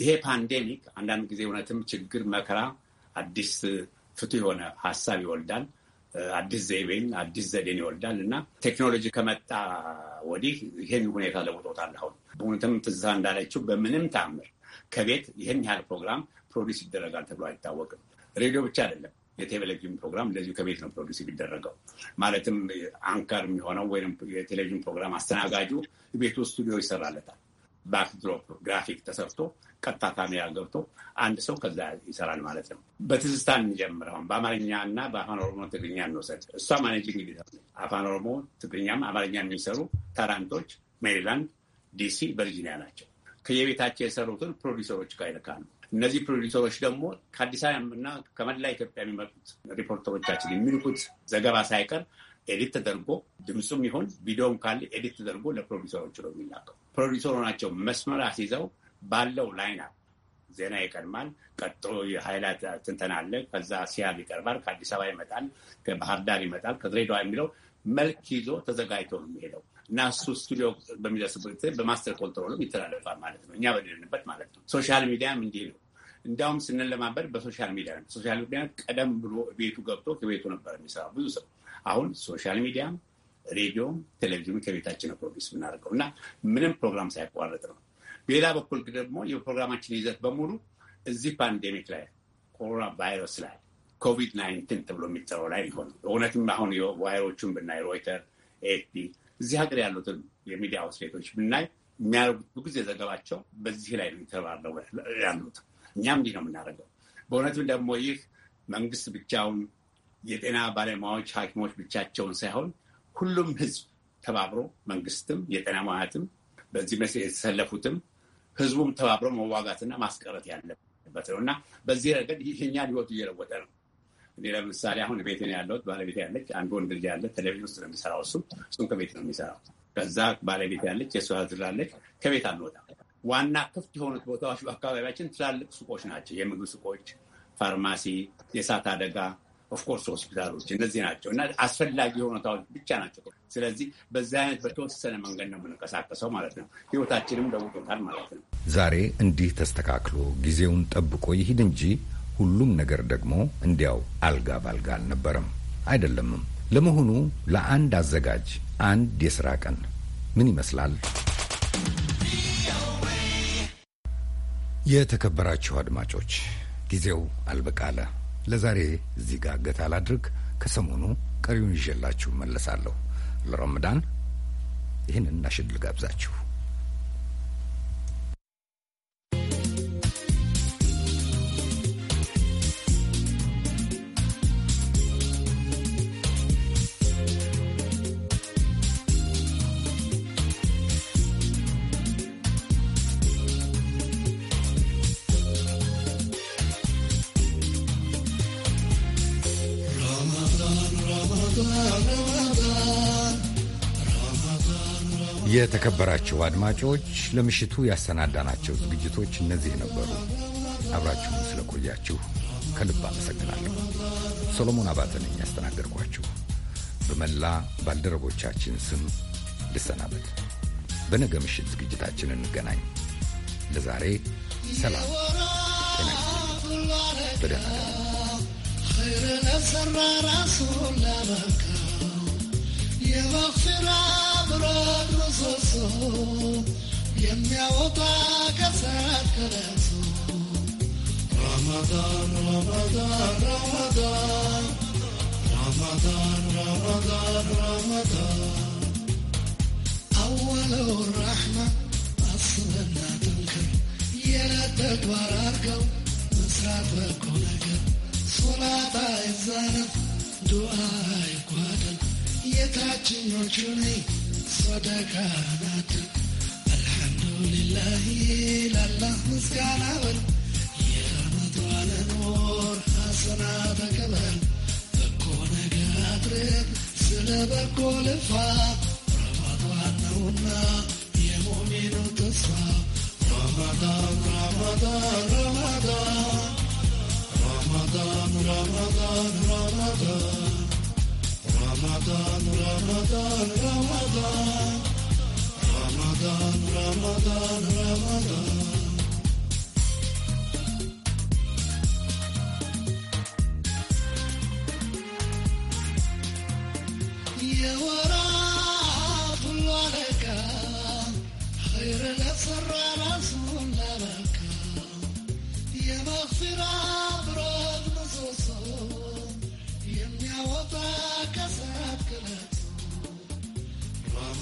ይሄ ፓንዴሚክ አንዳንድ ጊዜ እውነትም ችግር፣ መከራ አዲስ ፍቱ የሆነ ሀሳብ ይወልዳል። አዲስ ዘይቤን አዲስ ዘዴን ይወልዳል እና ቴክኖሎጂ ከመጣ ወዲህ ይህን ሁኔታ ለውጦታል። አሁን እውነትም ትዝታ እንዳለችው በምንም ተአምር ከቤት ይህን ያህል ፕሮግራም ፕሮዲስ ይደረጋል ተብሎ አይታወቅም። ሬዲዮ ብቻ አይደለም፣ የቴሌቪዥን ፕሮግራም እንደዚሁ ከቤት ነው ፕሮዲስ የሚደረገው። ማለትም አንከር የሚሆነው ወይም የቴሌቪዥን ፕሮግራም አስተናጋጁ ቤቱ ስቱዲዮ ይሰራለታል። ባክድሮፕ ግራፊክ ተሰርቶ ቀጥታ ካሜራ ገብቶ አንድ ሰው ከዛ ይሰራል ማለት ነው። በትዝታ እንጀምረውን በአማርኛ እና በአፋን ኦሮሞ ትግርኛ እንወሰድ። እሷ ማኔጂንግ ኤዲተር አፋን ኦሮሞ ትግርኛም አማርኛ የሚሰሩ ታላንቶች ሜሪላንድ፣ ዲሲ፣ ቨርጂኒያ ናቸው። ከየቤታቸው የሰሩትን ፕሮዲሰሮች ጋር ይልካሉ። እነዚህ ፕሮዲሰሮች ደግሞ ከአዲስ አበባና ከመላ ኢትዮጵያ የሚመጡት ሪፖርተሮቻችን የሚልኩት ዘገባ ሳይቀር ኤዲት ተደርጎ ድምፁም ይሁን ቪዲዮም ካለ ኤዲት ተደርጎ ለፕሮዲሰሮች ነው የሚላከው። ፕሮዲሰሩ ናቸው መስመር አስይዘው ባለው ላይና ዜና ይቀድማል። ቀጥሎ የሀይላት ትንተና አለ። ከዛ ሲያብ ይቀርባል። ከአዲስ አበባ ይመጣል። ከባህር ዳር ይመጣል። ከድሬዳዋ የሚለው መልክ ይዞ ተዘጋጅቶ ነው የሚሄደው። እና እሱ ስቱዲዮ በሚደርስበት ጊዜ በማስተር ኮንትሮልም ይተላለፋል ማለት ነው። እኛ በሌለንበት ማለት ነው። ሶሻል ሚዲያም እንዲህ ነው። እንዲያውም ስንለማበድ በሶሻል ሚዲያ ነው። ሶሻል ሚዲያ ቀደም ብሎ ቤቱ ገብቶ ከቤቱ ነበር የሚሰራ ብዙ ሰው። አሁን ሶሻል ሚዲያም፣ ሬዲዮም፣ ቴሌቪዥኑ ከቤታችን ነው ፕሮዲስ የምናደርገው እና ምንም ፕሮግራም ሳያቋረጥ ነው። በሌላ በኩል ደግሞ የፕሮግራማችን ይዘት በሙሉ እዚህ ፓንዴሚክ ላይ ኮሮና ቫይረስ ላይ ኮቪድ ናይንቲን ተብሎ የሚጠራው ላይ ሆነ እውነትም አሁን ዋይሮቹን ብናይ ሮይተር ኤፍፒ እዚህ ሀገር ያሉትን የሚዲያ አውትሌቶች ብናይ የሚያደርጉት ጊዜ ዘገባቸው በዚህ ላይ ነው የተባለው ያሉት። እኛም እንዲህ ነው የምናደርገው። በእውነትም ደግሞ ይህ መንግስት ብቻውን የጤና ባለሙያዎች ሐኪሞች ብቻቸውን ሳይሆን ሁሉም ህዝብ ተባብሮ መንግስትም፣ የጤና ሙያትም፣ በዚህ መስ የተሰለፉትም ህዝቡም ተባብሮ መዋጋትና ማስቀረት ያለበት ነው እና በዚህ ረገድ ይህኛ ህይወቱ እየለወጠ እኔ ለምሳሌ አሁን ቤት ነው ያለሁት፣ ባለቤት ያለች፣ አንድ ወንድ ልጅ ያለ፣ ቴሌቪዥን ውስጥ ነው የሚሰራው እሱ እሱም ከቤት ነው የሚሰራው። ከዛ ባለቤት ያለች፣ የሱ ዝላለች፣ ከቤት አንወጣም። ዋና ክፍት የሆኑት ቦታዎች በአካባቢያችን ትላልቅ ሱቆች ናቸው። የምግብ ሱቆች፣ ፋርማሲ፣ የእሳት አደጋ ኦፍኮርስ ሆስፒታሎች እነዚህ ናቸው እና አስፈላጊ ሁኔታዎች ብቻ ናቸው። ስለዚህ በዚህ አይነት በተወሰነ መንገድ ነው የምንቀሳቀሰው ማለት ነው። ህይወታችንም ለውጦታል ማለት ነው። ዛሬ እንዲህ ተስተካክሎ ጊዜውን ጠብቆ ይሂድ እንጂ ሁሉም ነገር ደግሞ እንዲያው አልጋ ባልጋ አልነበረም አይደለምም። ለመሆኑ ለአንድ አዘጋጅ አንድ የስራ ቀን ምን ይመስላል? የተከበራችሁ አድማጮች ጊዜው አልበቃለ። ለዛሬ እዚህ ጋር ገታ ላድርግ። ከሰሞኑ ቀሪውን ይዤላችሁ መለሳለሁ። ለረምዳን ይህንን እናሽል የተከበራችሁ አድማጮች ለምሽቱ ያሰናዳናቸው ዝግጅቶች እነዚህ ነበሩ። አብራችሁን ስለቆያችሁ ከልብ አመሰግናለሁ። ሰሎሞን አባተ ነኝ ያስተናገድኳችሁ። በመላ ባልደረቦቻችን ስም ልሰናበት። በነገ ምሽት ዝግጅታችን እንገናኝ። ለዛሬ ሰላም፣ ጤና የበፍራ ደሩ የሚያወጣ ከሰዓት ከለሱ ረመዳን ረመዳን ረመዳን ረመዳን ረመዳን ረመዳን አወለው ራሕማ አስበና ትንክር የዕለት ተግባር አድርገው መስራት በጎ ነገር ሶላት አይዛነፍ ዱዓ አይጓደል የታችኞቹ ነይ صدق ናትን አልሐምዱልላሂ ላላህ ምስጋና በል የአመቱ አለኖር ሐሰና ተቀበል በጎ ነገር አድርግ ስለ በጎ ልፋ ረመዳን ነውና የሙሚኑ ተስፋ ረመዳን ረመዳን ረመዳን ረመዳን ረመዳን ረመዳን Ramadan, Ramadan, Ramadan. Ramadan, Ramadan, Ramadan.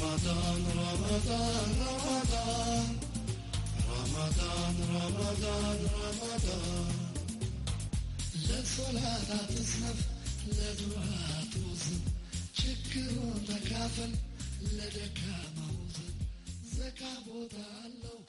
Ramadan, Ramadan, Ramadan. Ramadan, Ramadan, Ramadan. ለሶላት አትስነፍ፣ ለዱዓ አትውዝን፣ ችግሩን ተካፈል፣ ለደካማውዝን ዘካ ቦታ አለው